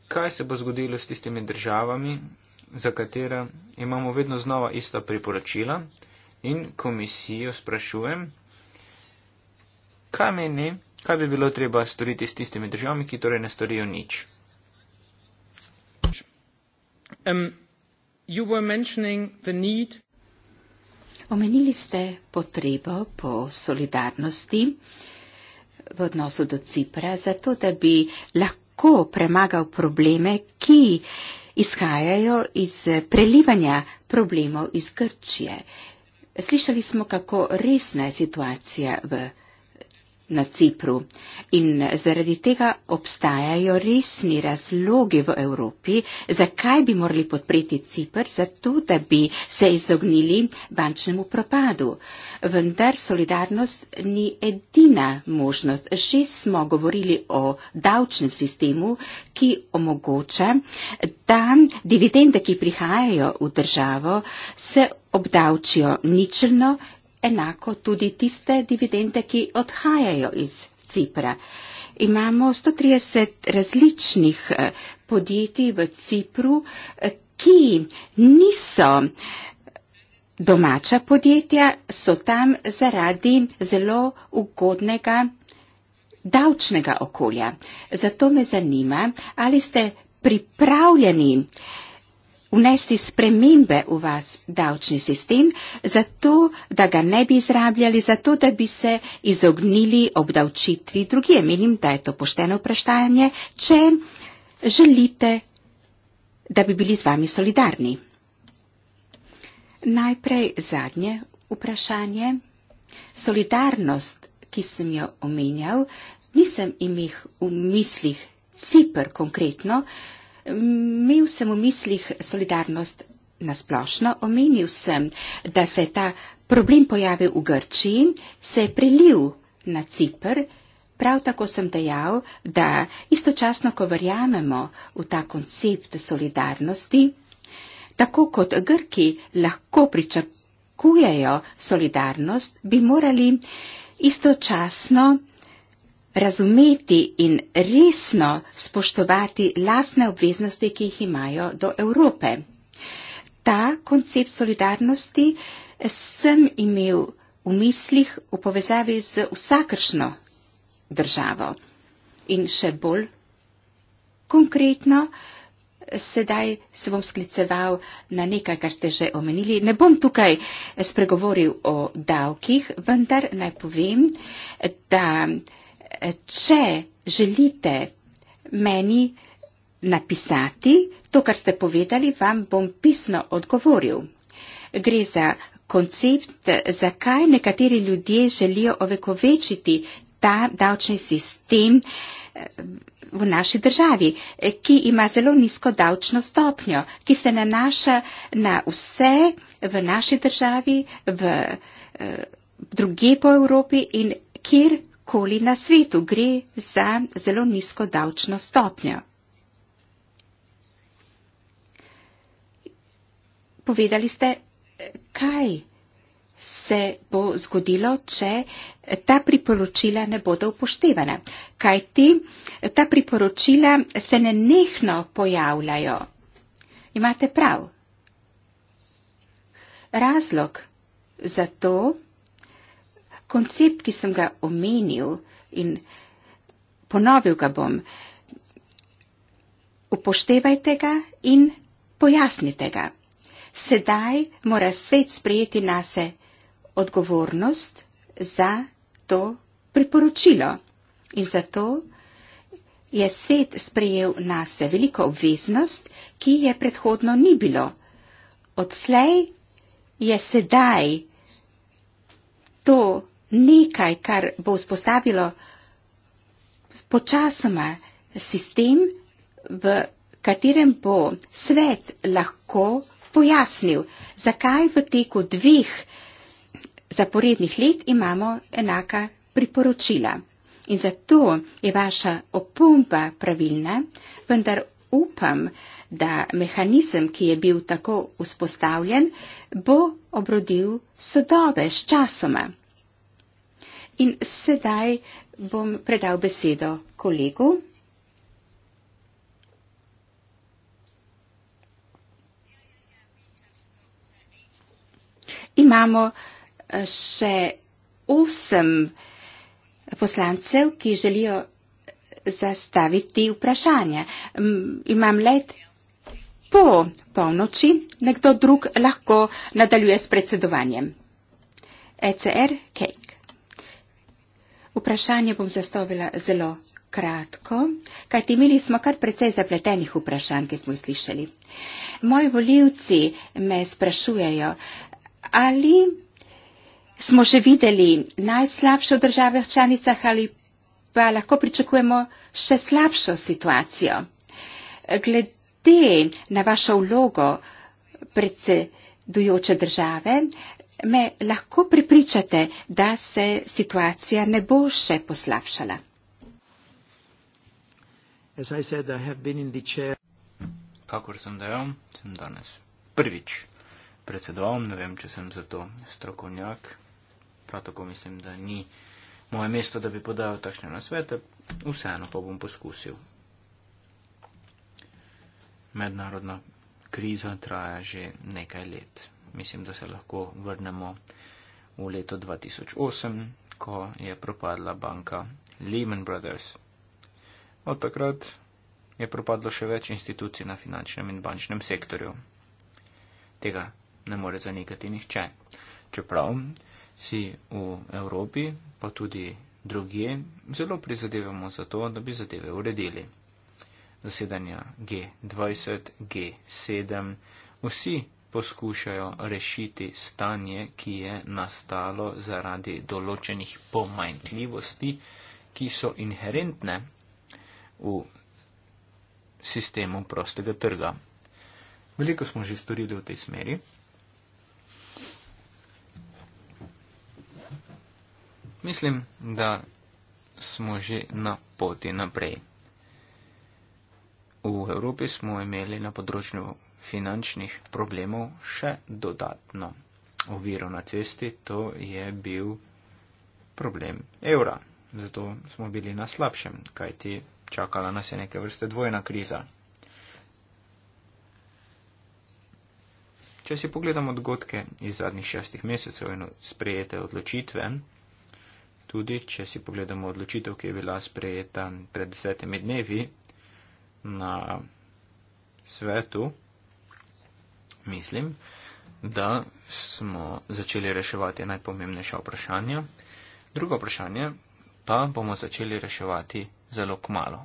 kaj se bo zgodilo s tistimi državami, za katera imamo vedno znova ista priporočila in komisijo sprašujem, kaj meni, kaj bi bilo treba storiti s tistimi državami, ki torej ne storijo nič. Um, Omenili ste potrebo po solidarnosti v odnosu do Cipra, zato da bi lahko premagal probleme, ki izhajajo iz prelivanja problemov iz Grčije. Slišali smo, kako resna je situacija v, na Cipru in zaradi tega obstajajo resni razlogi v Evropi, zakaj bi morali podpreti Cipr, zato da bi se izognili bančnemu propadu. Uh, vendar solidarnost ni edina možnost. Že smo govorili o davčnem sistemu, ki omogoča, da dividende, ki prihajajo v državo, se obdavčijo ničelno, enako tudi tiste dividende, ki odhajajo iz Cipra. Imamo 130 različnih eh, podjetij v Cipru, eh, ki niso domača podjetja so tam zaradi zelo ugodnega davčnega okolja. Zato me zanima, ali ste pripravljeni vnesti spremembe v vas davčni sistem, zato da ga ne bi izrabljali, zato da bi se izognili obdavčitvi drugje. Menim, da je to pošteno vprašanje, če želite, da bi bili z vami solidarni. Najprej zadnje vprašanje. Solidarnost, ki sem jo omenjal, nisem imel v mislih Cipr konkretno, imel sem v mislih solidarnost nasplošno, omenil sem, da se je ta problem pojavil v Grčiji, se je prelil na Cipr, prav tako sem dejal, da istočasno, ko verjamemo v ta koncept solidarnosti, tako kot Grki lahko pričakujejo solidarnost, bi morali istočasno razumeti in resno spoštovati lasne obveznosti, ki jih imajo do Evrope. Ta koncept solidarnosti sem imel v mislih v povezavi z vsakršno državo in še bolj konkretno Sedaj se bom skliceval na nekaj, kar ste že omenili. Ne bom tukaj spregovoril o davkih, vendar naj povem, da če želite meni napisati to, kar ste povedali, vam bom pisno odgovoril. Gre za koncept, zakaj nekateri ljudje želijo ovekovečiti ta davčni sistem v naši državi, eh, ki ima zelo nizko davčno stopnjo, ki se nanaša na vse v naši državi, v, eh, druge po Evropi in kjerkoli na svetu gre za zelo nizko davčno stopnjo. Povedali ste, eh, kaj se bo zgodilo, če ta priporočila ne bodo upoštevana. Kaj ti, ta priporočila se ne nehno pojavljajo. Imate prav. Razlog za to, koncept, ki sem ga omenil in ponovil ga bom, upoštevajte ga in pojasnite ga. Sedaj mora svet sprejeti nase odgovornost za to priporočilo. In zato je svet sprejel nase veliko obveznost, ki je predhodno ni bilo. Odslej je sedaj to nekaj, kar bo vzpostavilo počasoma sistem, v katerem bo svet lahko pojasnil, zakaj v teku dveh zaporednih let imamo enaka priporočila. In zato je vaša opomba pravilna, vendar upam, da mehanizem, ki je bil tako vzpostavljen, bo obrodil sodove s časoma. In sedaj bom predal besedo kolegu. Imamo še osem poslancev, ki želijo zastaviti vprašanje. Imam let po polnoči, nekdo drug lahko nadaljuje s predsedovanjem. ECR Cake. Vprašanje bom zastavila zelo kratko, kajti imeli smo kar precej zapletenih vprašanj, ki smo jih slišali. Moji voljivci me sprašujejo, ali smo že videli najslabše v državah članicah ali pa lahko pričakujemo še slabšo situacijo. Glede na vašo vlogo predsedujoče države, me lahko pripričate, da se situacija ne bo še poslabšala. Said, chair... Kakor sem dejal, sem danes prvič predsedoval, ne vem, če sem za to strokovnjak prav tako mislim, da ni moje mesto, da bi podal takšne nasvete, vseeno pa bom poskusil. Mednarodna kriza traja že nekaj let. Mislim, da se lahko vrnemo v leto 2008, ko je propadla banka Lehman Brothers. Od takrat je propadlo še več institucij na finančnem in bančnem sektorju. Tega ne more zanikati nihče. Čeprav si v Evropi, pa tudi drugje, zelo prizadevamo za to, da bi zadeve uredili. Zasedanja G20, G7, vsi poskušajo rešiti stanje, ki je nastalo zaradi določenih pomanjkljivosti, ki so inherentne v sistemu prostega trga. Veliko smo že storili v tej smeri. Mislim, da smo že na poti naprej. V Evropi smo imeli na področju finančnih problemov še dodatno oviro na cesti, to je bil problem evra. Zato smo bili na slabšem, kajti čakala nas je neke vrste dvojna kriza. Če si pogledamo dogodke iz zadnjih šestih mesecev in sprejete odločitve, tudi če si pogledamo odločitev, ki je bila sprejeta pred desetimi dnevi na svetu, mislim, da smo začeli reševati najpomembnejša vprašanja. Drugo vprašanje pa bomo začeli reševati zelo kmalo.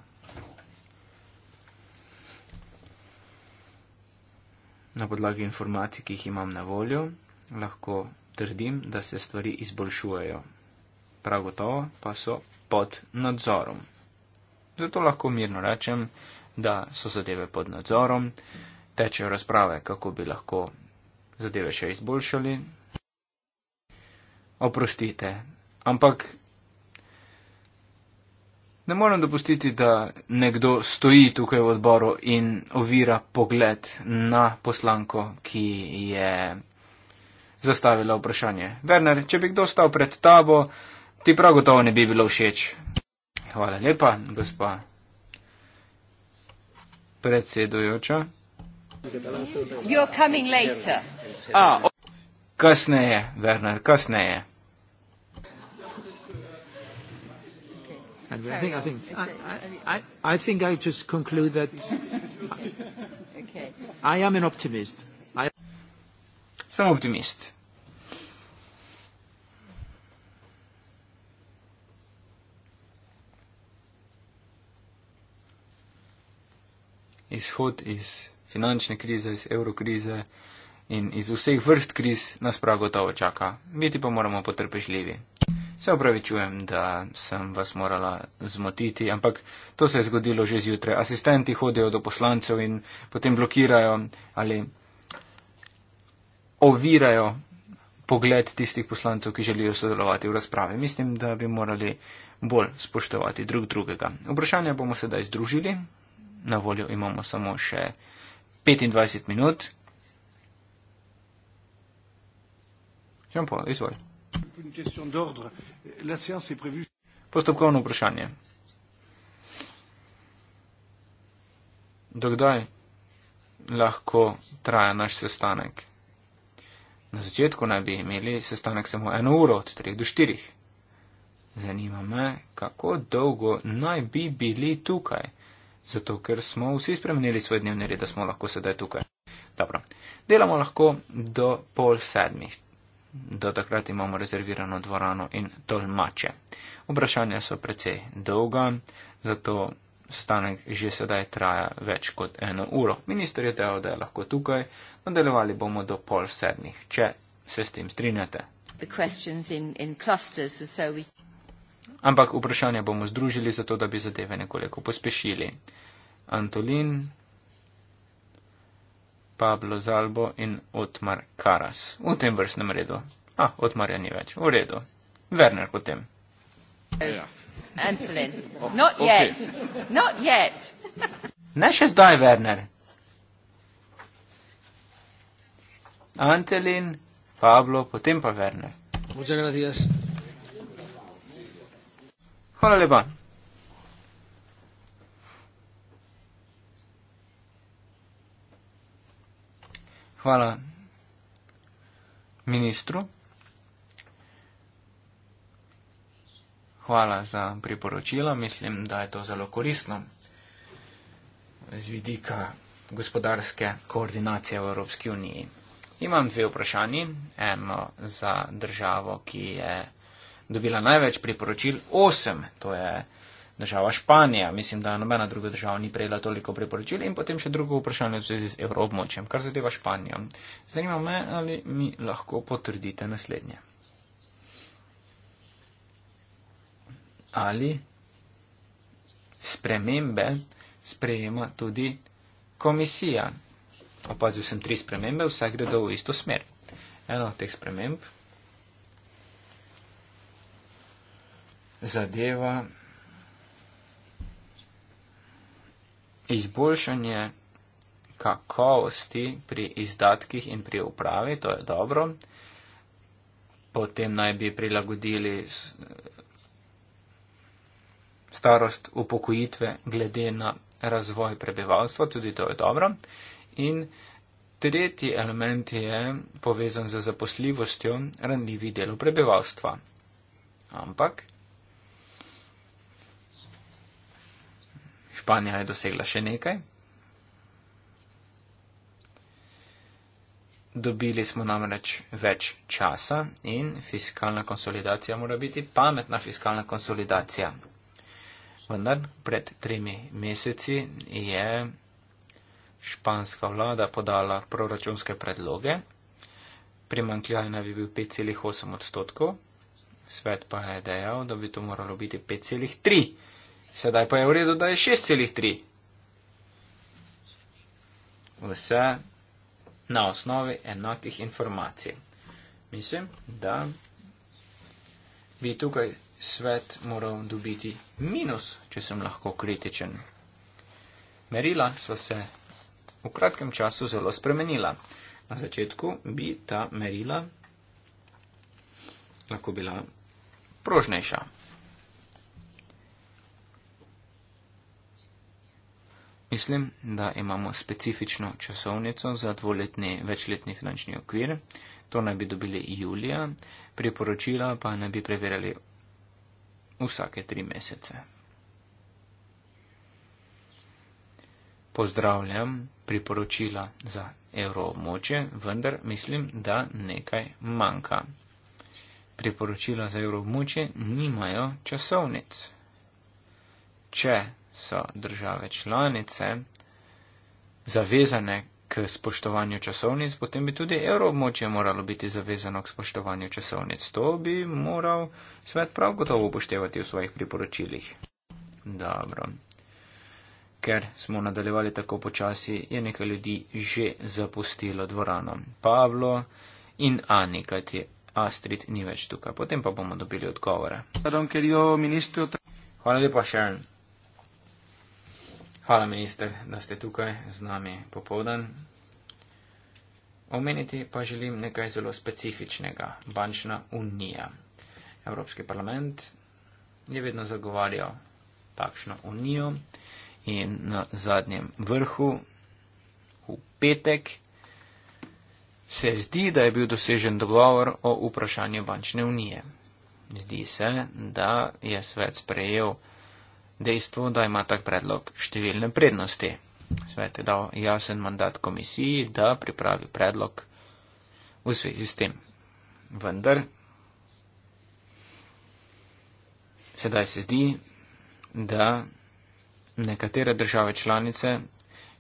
Na podlagi informacij, ki jih imam na voljo, lahko trdim, da se stvari izboljšujejo prav gotovo pa so pod nadzorom. Zato lahko mirno rečem, da so zadeve pod nadzorom, tečejo razprave, kako bi lahko zadeve še izboljšali. Oprostite, ampak ne morem dopustiti, da nekdo stoji tukaj v odboru in ovira pogled na poslanko, ki je zastavila vprašanje. Werner, če bi kdo stal pred tabo, ti prav gotovo ne bi bilo všeč. Hvala lepa, gospa predsedujoča. A, kasneje, Werner, kasneje. Sem optimist. izhod iz finančne krize, iz evrokrize in iz vseh vrst kriz nas prav gotovo čaka. Biti pa moramo potrpežljivi. Se opravičujem, da sem vas morala zmotiti, ampak to se je zgodilo že zjutraj. Asistenti hodijo do poslancev in potem blokirajo ali ovirajo pogled tistih poslancev, ki želijo sodelovati v razpravi. Mislim, da bi morali bolj spoštovati drug drugega. Vprašanja bomo sedaj združili na voljo imamo samo še 25 minut. Postopkovno vprašanje. Dokdaj lahko traja naš sestanek? Na začetku naj bi imeli sestanek samo eno uro, od 3 do 4. Zanima me, kako dolgo naj bi bili tukaj zato ker smo vsi spremenili svoj dnevni red, da smo lahko sedaj tukaj. Dobro. Delamo lahko do pol sedmih. Do takrat imamo rezervirano dvorano in tolmače. Vprašanja so precej dolga, zato stanek že sedaj traja več kot eno uro. Minister je dejal, da je lahko tukaj, nadaljevali bomo do pol sedmih, če se s tem strinjate. The questions in, in clusters, so we ampak vprašanja bomo združili, zato da bi zadeve nekoliko pospešili. Antolin, Pablo Zalbo in Otmar Karas. V tem vrstnem redu. A, ah, Otmarja ni več. V redu. Werner potem. Ja. Antolin. Not yet. Okay. Not yet. ne še zdaj, Werner. Antolin, Pablo, potem pa Werner. Muchas gracias. Hvala lepa. Hvala ministru. Hvala za priporočila. Mislim, da je to zelo koristno z vidika gospodarske koordinacije v Evropski uniji. Imam dve vprašanji. Eno za državo, ki je dobila največ priporočil, osem, to je država Španija. Mislim, da nobena druga država ni prejela toliko priporočil. In potem še drugo vprašanje v zvezi z evroobmočjem, kar zadeva Španijo. Zanima me, ali mi lahko potrdite naslednje. Ali spremembe sprejema tudi komisija? Opazil sem tri spremembe, vsak gre v isto smer. Eno od teh sprememb zadeva izboljšanje kakovosti pri izdatkih in pri upravi, to je dobro. Potem naj bi prilagodili starost upokojitve glede na razvoj prebivalstva, tudi to je dobro. In tretji element je povezan z zaposljivostjo ranljivih delov prebivalstva. Ampak Španija je dosegla še nekaj. Dobili smo namreč več časa in fiskalna konsolidacija mora biti pametna fiskalna konsolidacija. Vendar pred tremi meseci je španska vlada podala proračunske predloge. Primankljaj naj bi bil 5,8 odstotkov, svet pa je dejal, da bi to moralo biti 5,3 odstotkov sedaj pa je v redu, da je 6,3. Vse na osnovi enakih informacij. Mislim, da bi tukaj svet moral dobiti minus, če sem lahko kritičen. Merila so se v kratkem času zelo spremenila. Na začetku bi ta merila lahko bila prožnejša. Mislim, da imamo specifično časovnico za dvoletni večletni finančni okvir. To naj bi dobili julija, priporočila pa naj bi preverjali vsake tri mesece. Pozdravljam priporočila za evroobmočje, vendar mislim, da nekaj manjka. Priporočila za evroobmočje nimajo časovnic. Če so države članice zavezane k spoštovanju časovnic, potem bi tudi evroobmočje moralo biti zavezano k spoštovanju časovnic. To bi moral svet prav gotovo upoštevati v svojih priporočilih. Dobro. Ker smo nadaljevali tako počasi, je nekaj ljudi že zapustilo dvorano. Pablo in Ani, kajti Astrid ni več tukaj. Potem pa bomo dobili odgovore. Hvala lepa, Sharon. Hvala, minister, da ste tukaj z nami popovdan. Omeniti pa želim nekaj zelo specifičnega. Bančna unija. Evropski parlament je vedno zagovarjal takšno unijo in na zadnjem vrhu v petek se zdi, da je bil dosežen dogovor o vprašanju bančne unije. Zdi se, da je svet sprejel dejstvo, da ima tak predlog številne prednosti. Svet je dal jasen mandat komisiji, da pripravi predlog v svezi s tem. Vendar, sedaj se zdi, da nekatere države članice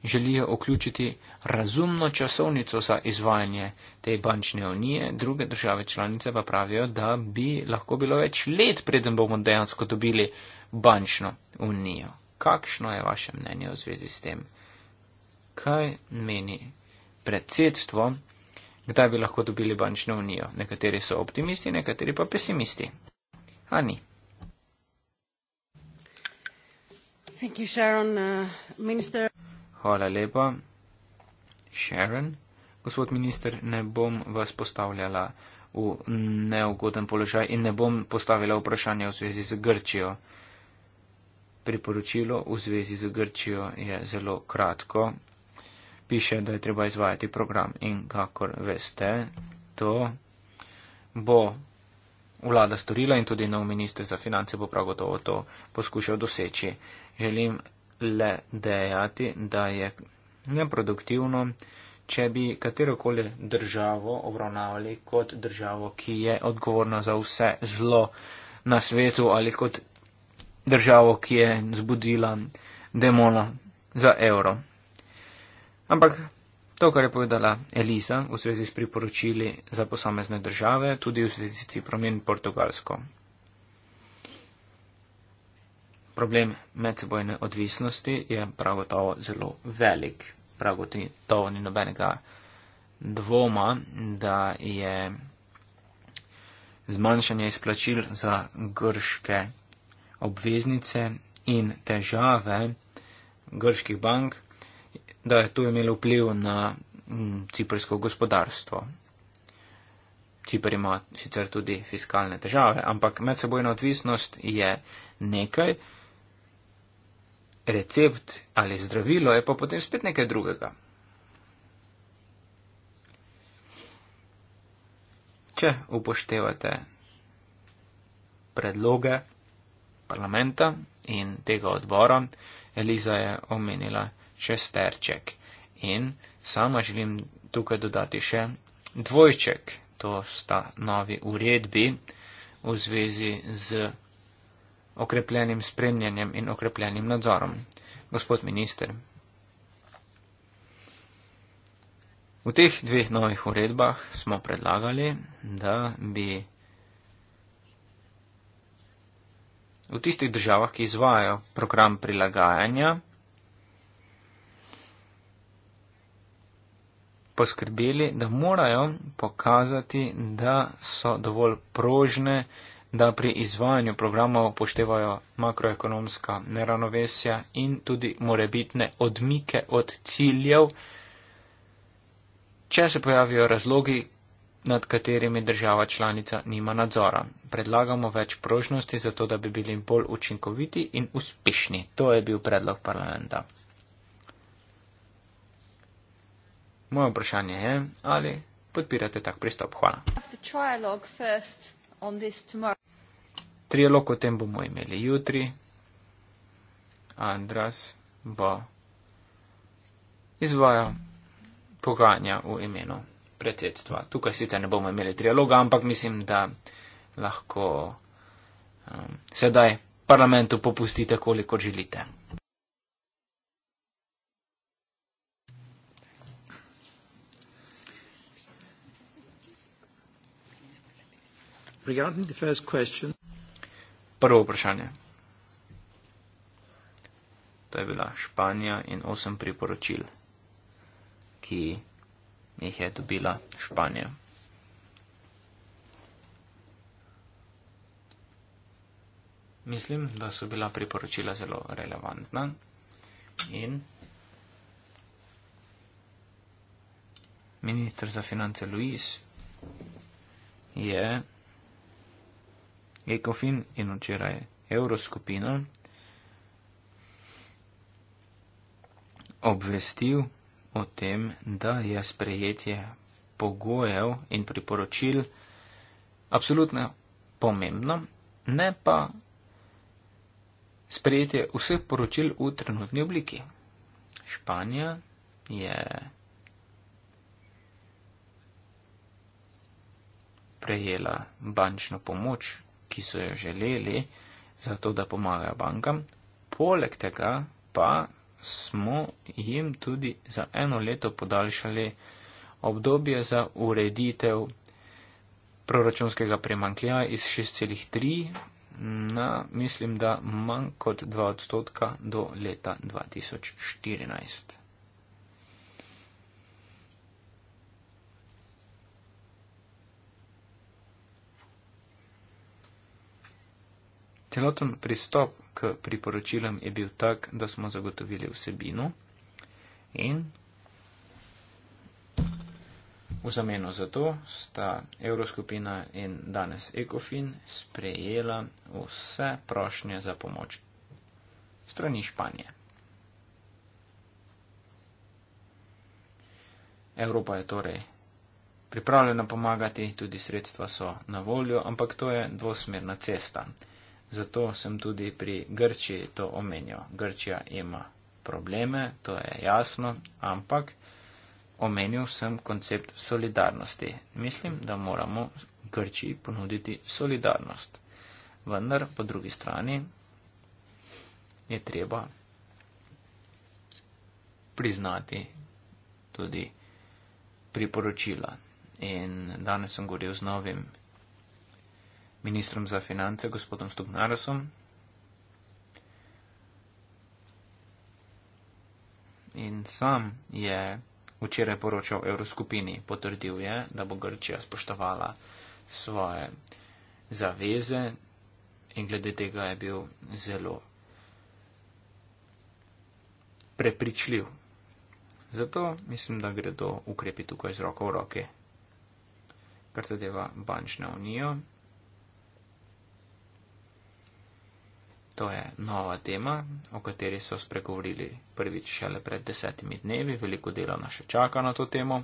želijo vključiti razumno časovnico za izvajanje te bančne unije, druge države članice pa pravijo, da bi lahko bilo več let, preden bomo dejansko dobili bančno unijo. Kakšno je vaše mnenje v zvezi s tem? Kaj meni predsedstvo, kdaj bi lahko dobili bančno unijo? Nekateri so optimisti, nekateri pa pesimisti. Ani. Uh, Hvala lepa. Sharon, gospod minister, ne bom vas postavljala v neugoden položaj in ne bom postavila vprašanja v zvezi z Grčijo. Priporočilo v zvezi z Grčijo je zelo kratko. Piše, da je treba izvajati program in kakor veste, to bo vlada storila in tudi nov minister za finance bo prav gotovo to poskušal doseči. Želim le dejati, da je neproduktivno, če bi katerokoli državo obravnavali kot državo, ki je odgovorna za vse zlo na svetu ali kot državo, ki je zbudila demona za evro. Ampak to, kar je povedala Elisa v zvezi s priporočili za posamezne države, tudi v zvezi s ciprom in portugalsko problem medsebojne odvisnosti je prav gotovo zelo velik. Prav gotovo ni nobenega dvoma, da je zmanjšanje izplačil za grške obveznice in težave grških bank, da je to imelo vpliv na mm, ciprsko gospodarstvo. Čipr ima sicer tudi fiskalne težave, ampak medsebojna odvisnost je nekaj, recept ali zdravilo, je pa potem spet nekaj drugega. Če upoštevate predloge parlamenta in tega odbora, Eliza je omenila šesterček in sama želim tukaj dodati še dvojček. To sta novi uredbi v zvezi z okrepljenim spremljanjem in okrepljenim nadzorom. Gospod minister. V teh dveh novih uredbah smo predlagali, da bi v tistih državah, ki izvajo program prilagajanja, poskrbeli, da morajo pokazati, da so dovolj prožne, da pri izvajanju programov upoštevajo makroekonomska neravnovesja in tudi morebitne odmike od ciljev, če se pojavijo razlogi, nad katerimi država članica nima nadzora. Predlagamo več prožnosti, zato da bi bili bolj učinkoviti in uspešni. To je bil predlog parlamenta. Moje vprašanje je, ali podpirate tak pristop? Hvala. Trialog o tem bomo imeli jutri. Andras bo izvajal pogajanja v imenu predsedstva. Tukaj sicer ne bomo imeli trialoga, ampak mislim, da lahko um, sedaj parlamentu popustite, koliko želite. Regarding the first question. Prvo vprašanje. To je bila Španija in osem priporočil, ki jih je dobila Španija. Mislim, da so bila priporočila zelo relevantna in ministr za finance Luis je. Ekofin in včeraj Evroskupina obvestil o tem, da je sprejetje pogojev in priporočil absolutno pomembno, ne pa sprejetje vseh poročil v trenutni obliki. Španija je prejela bančno pomoč ki so jo želeli, zato da pomagajo bankam. Poleg tega pa smo jim tudi za eno leto podaljšali obdobje za ureditev proračunskega premankljaja iz 6,3 na, mislim, da manj kot 2 odstotka do leta 2014. Celoten pristop k priporočilom je bil tak, da smo zagotovili vsebino in v zameno za to sta Evroskupina in danes Ecofin sprejela vse prošnje za pomoč strani Španije. Evropa je torej pripravljena pomagati, tudi sredstva so na voljo, ampak to je dvosmerna cesta. Zato sem tudi pri Grčiji to omenjal. Grčija ima probleme, to je jasno, ampak omenil sem koncept solidarnosti. Mislim, da moramo Grčiji ponuditi solidarnost. Vendar po drugi strani je treba priznati tudi priporočila. In danes sem govoril z novim ministrom za finance, gospodom Stubnarosom. In sam je včeraj poročal Evroskupini, potrdil je, da bo Grčija spoštovala svoje zaveze in glede tega je bil zelo prepričljiv. Zato mislim, da gredo ukrepi tukaj z roko v roke. Kar zadeva bančno unijo, to je nova tema, o kateri so spregovorili prvič šele pred desetimi dnevi, veliko dela nas še čaka na to temo.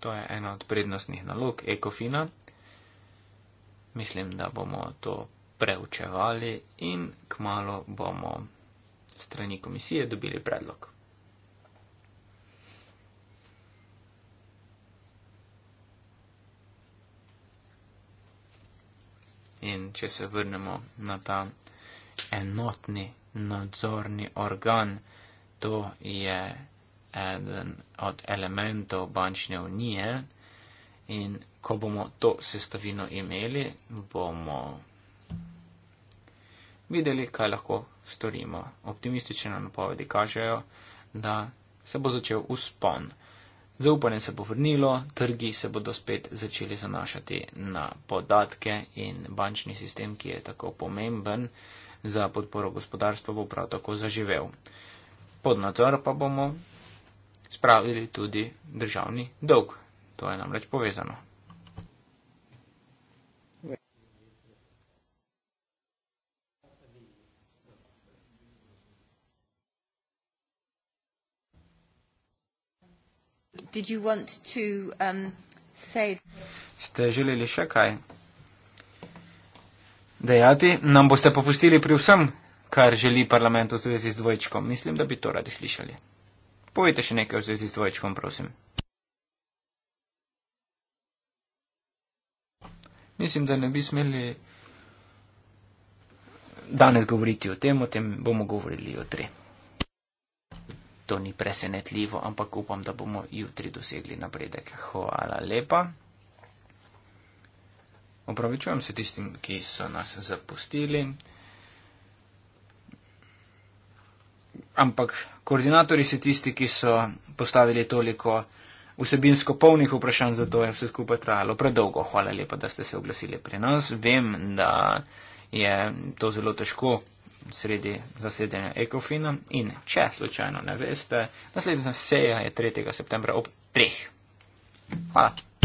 To je ena od prednostnih nalog Ekofina. Mislim, da bomo to preučevali in kmalo bomo strani komisije dobili predlog. in če se vrnemo na ta enotni nadzorni organ, to je eden od elementov bančne unije in ko bomo to sestavino imeli, bomo videli, kaj lahko storimo. Optimistične napovedi kažejo, da se bo začel uspon. Zaupanje se bo vrnilo, trgi se bodo spet začeli zanašati na podatke in bančni sistem, ki je tako pomemben za podporo gospodarstva, bo prav tako zaživel. Pod nadzor pa bomo spravili tudi državni dolg. To je namreč povezano. Did you want to, um, say... Ste želeli še kaj? Dejati, nam boste popustili pri vsem, kar želi parlament v zvezi z dvojčkom. Mislim, da bi to radi slišali. Povejte še nekaj v zvezi z dvojčkom, prosim. Mislim, da ne bi smeli danes govoriti o tem, o tem bomo govorili jutri to ni presenetljivo, ampak upam, da bomo jutri dosegli napredek. Hvala lepa. Opravičujem se tistim, ki so nas zapustili. Ampak koordinatori so tisti, ki so postavili toliko vsebinsko polnih vprašanj, zato je vse skupaj trajalo predolgo. Hvala lepa, da ste se oglasili pri nas. Vem, da je to zelo težko sredi zasedanja Ekofina in če slučajno ne veste, naslednja seja je 3. septembra ob 3. Hvala.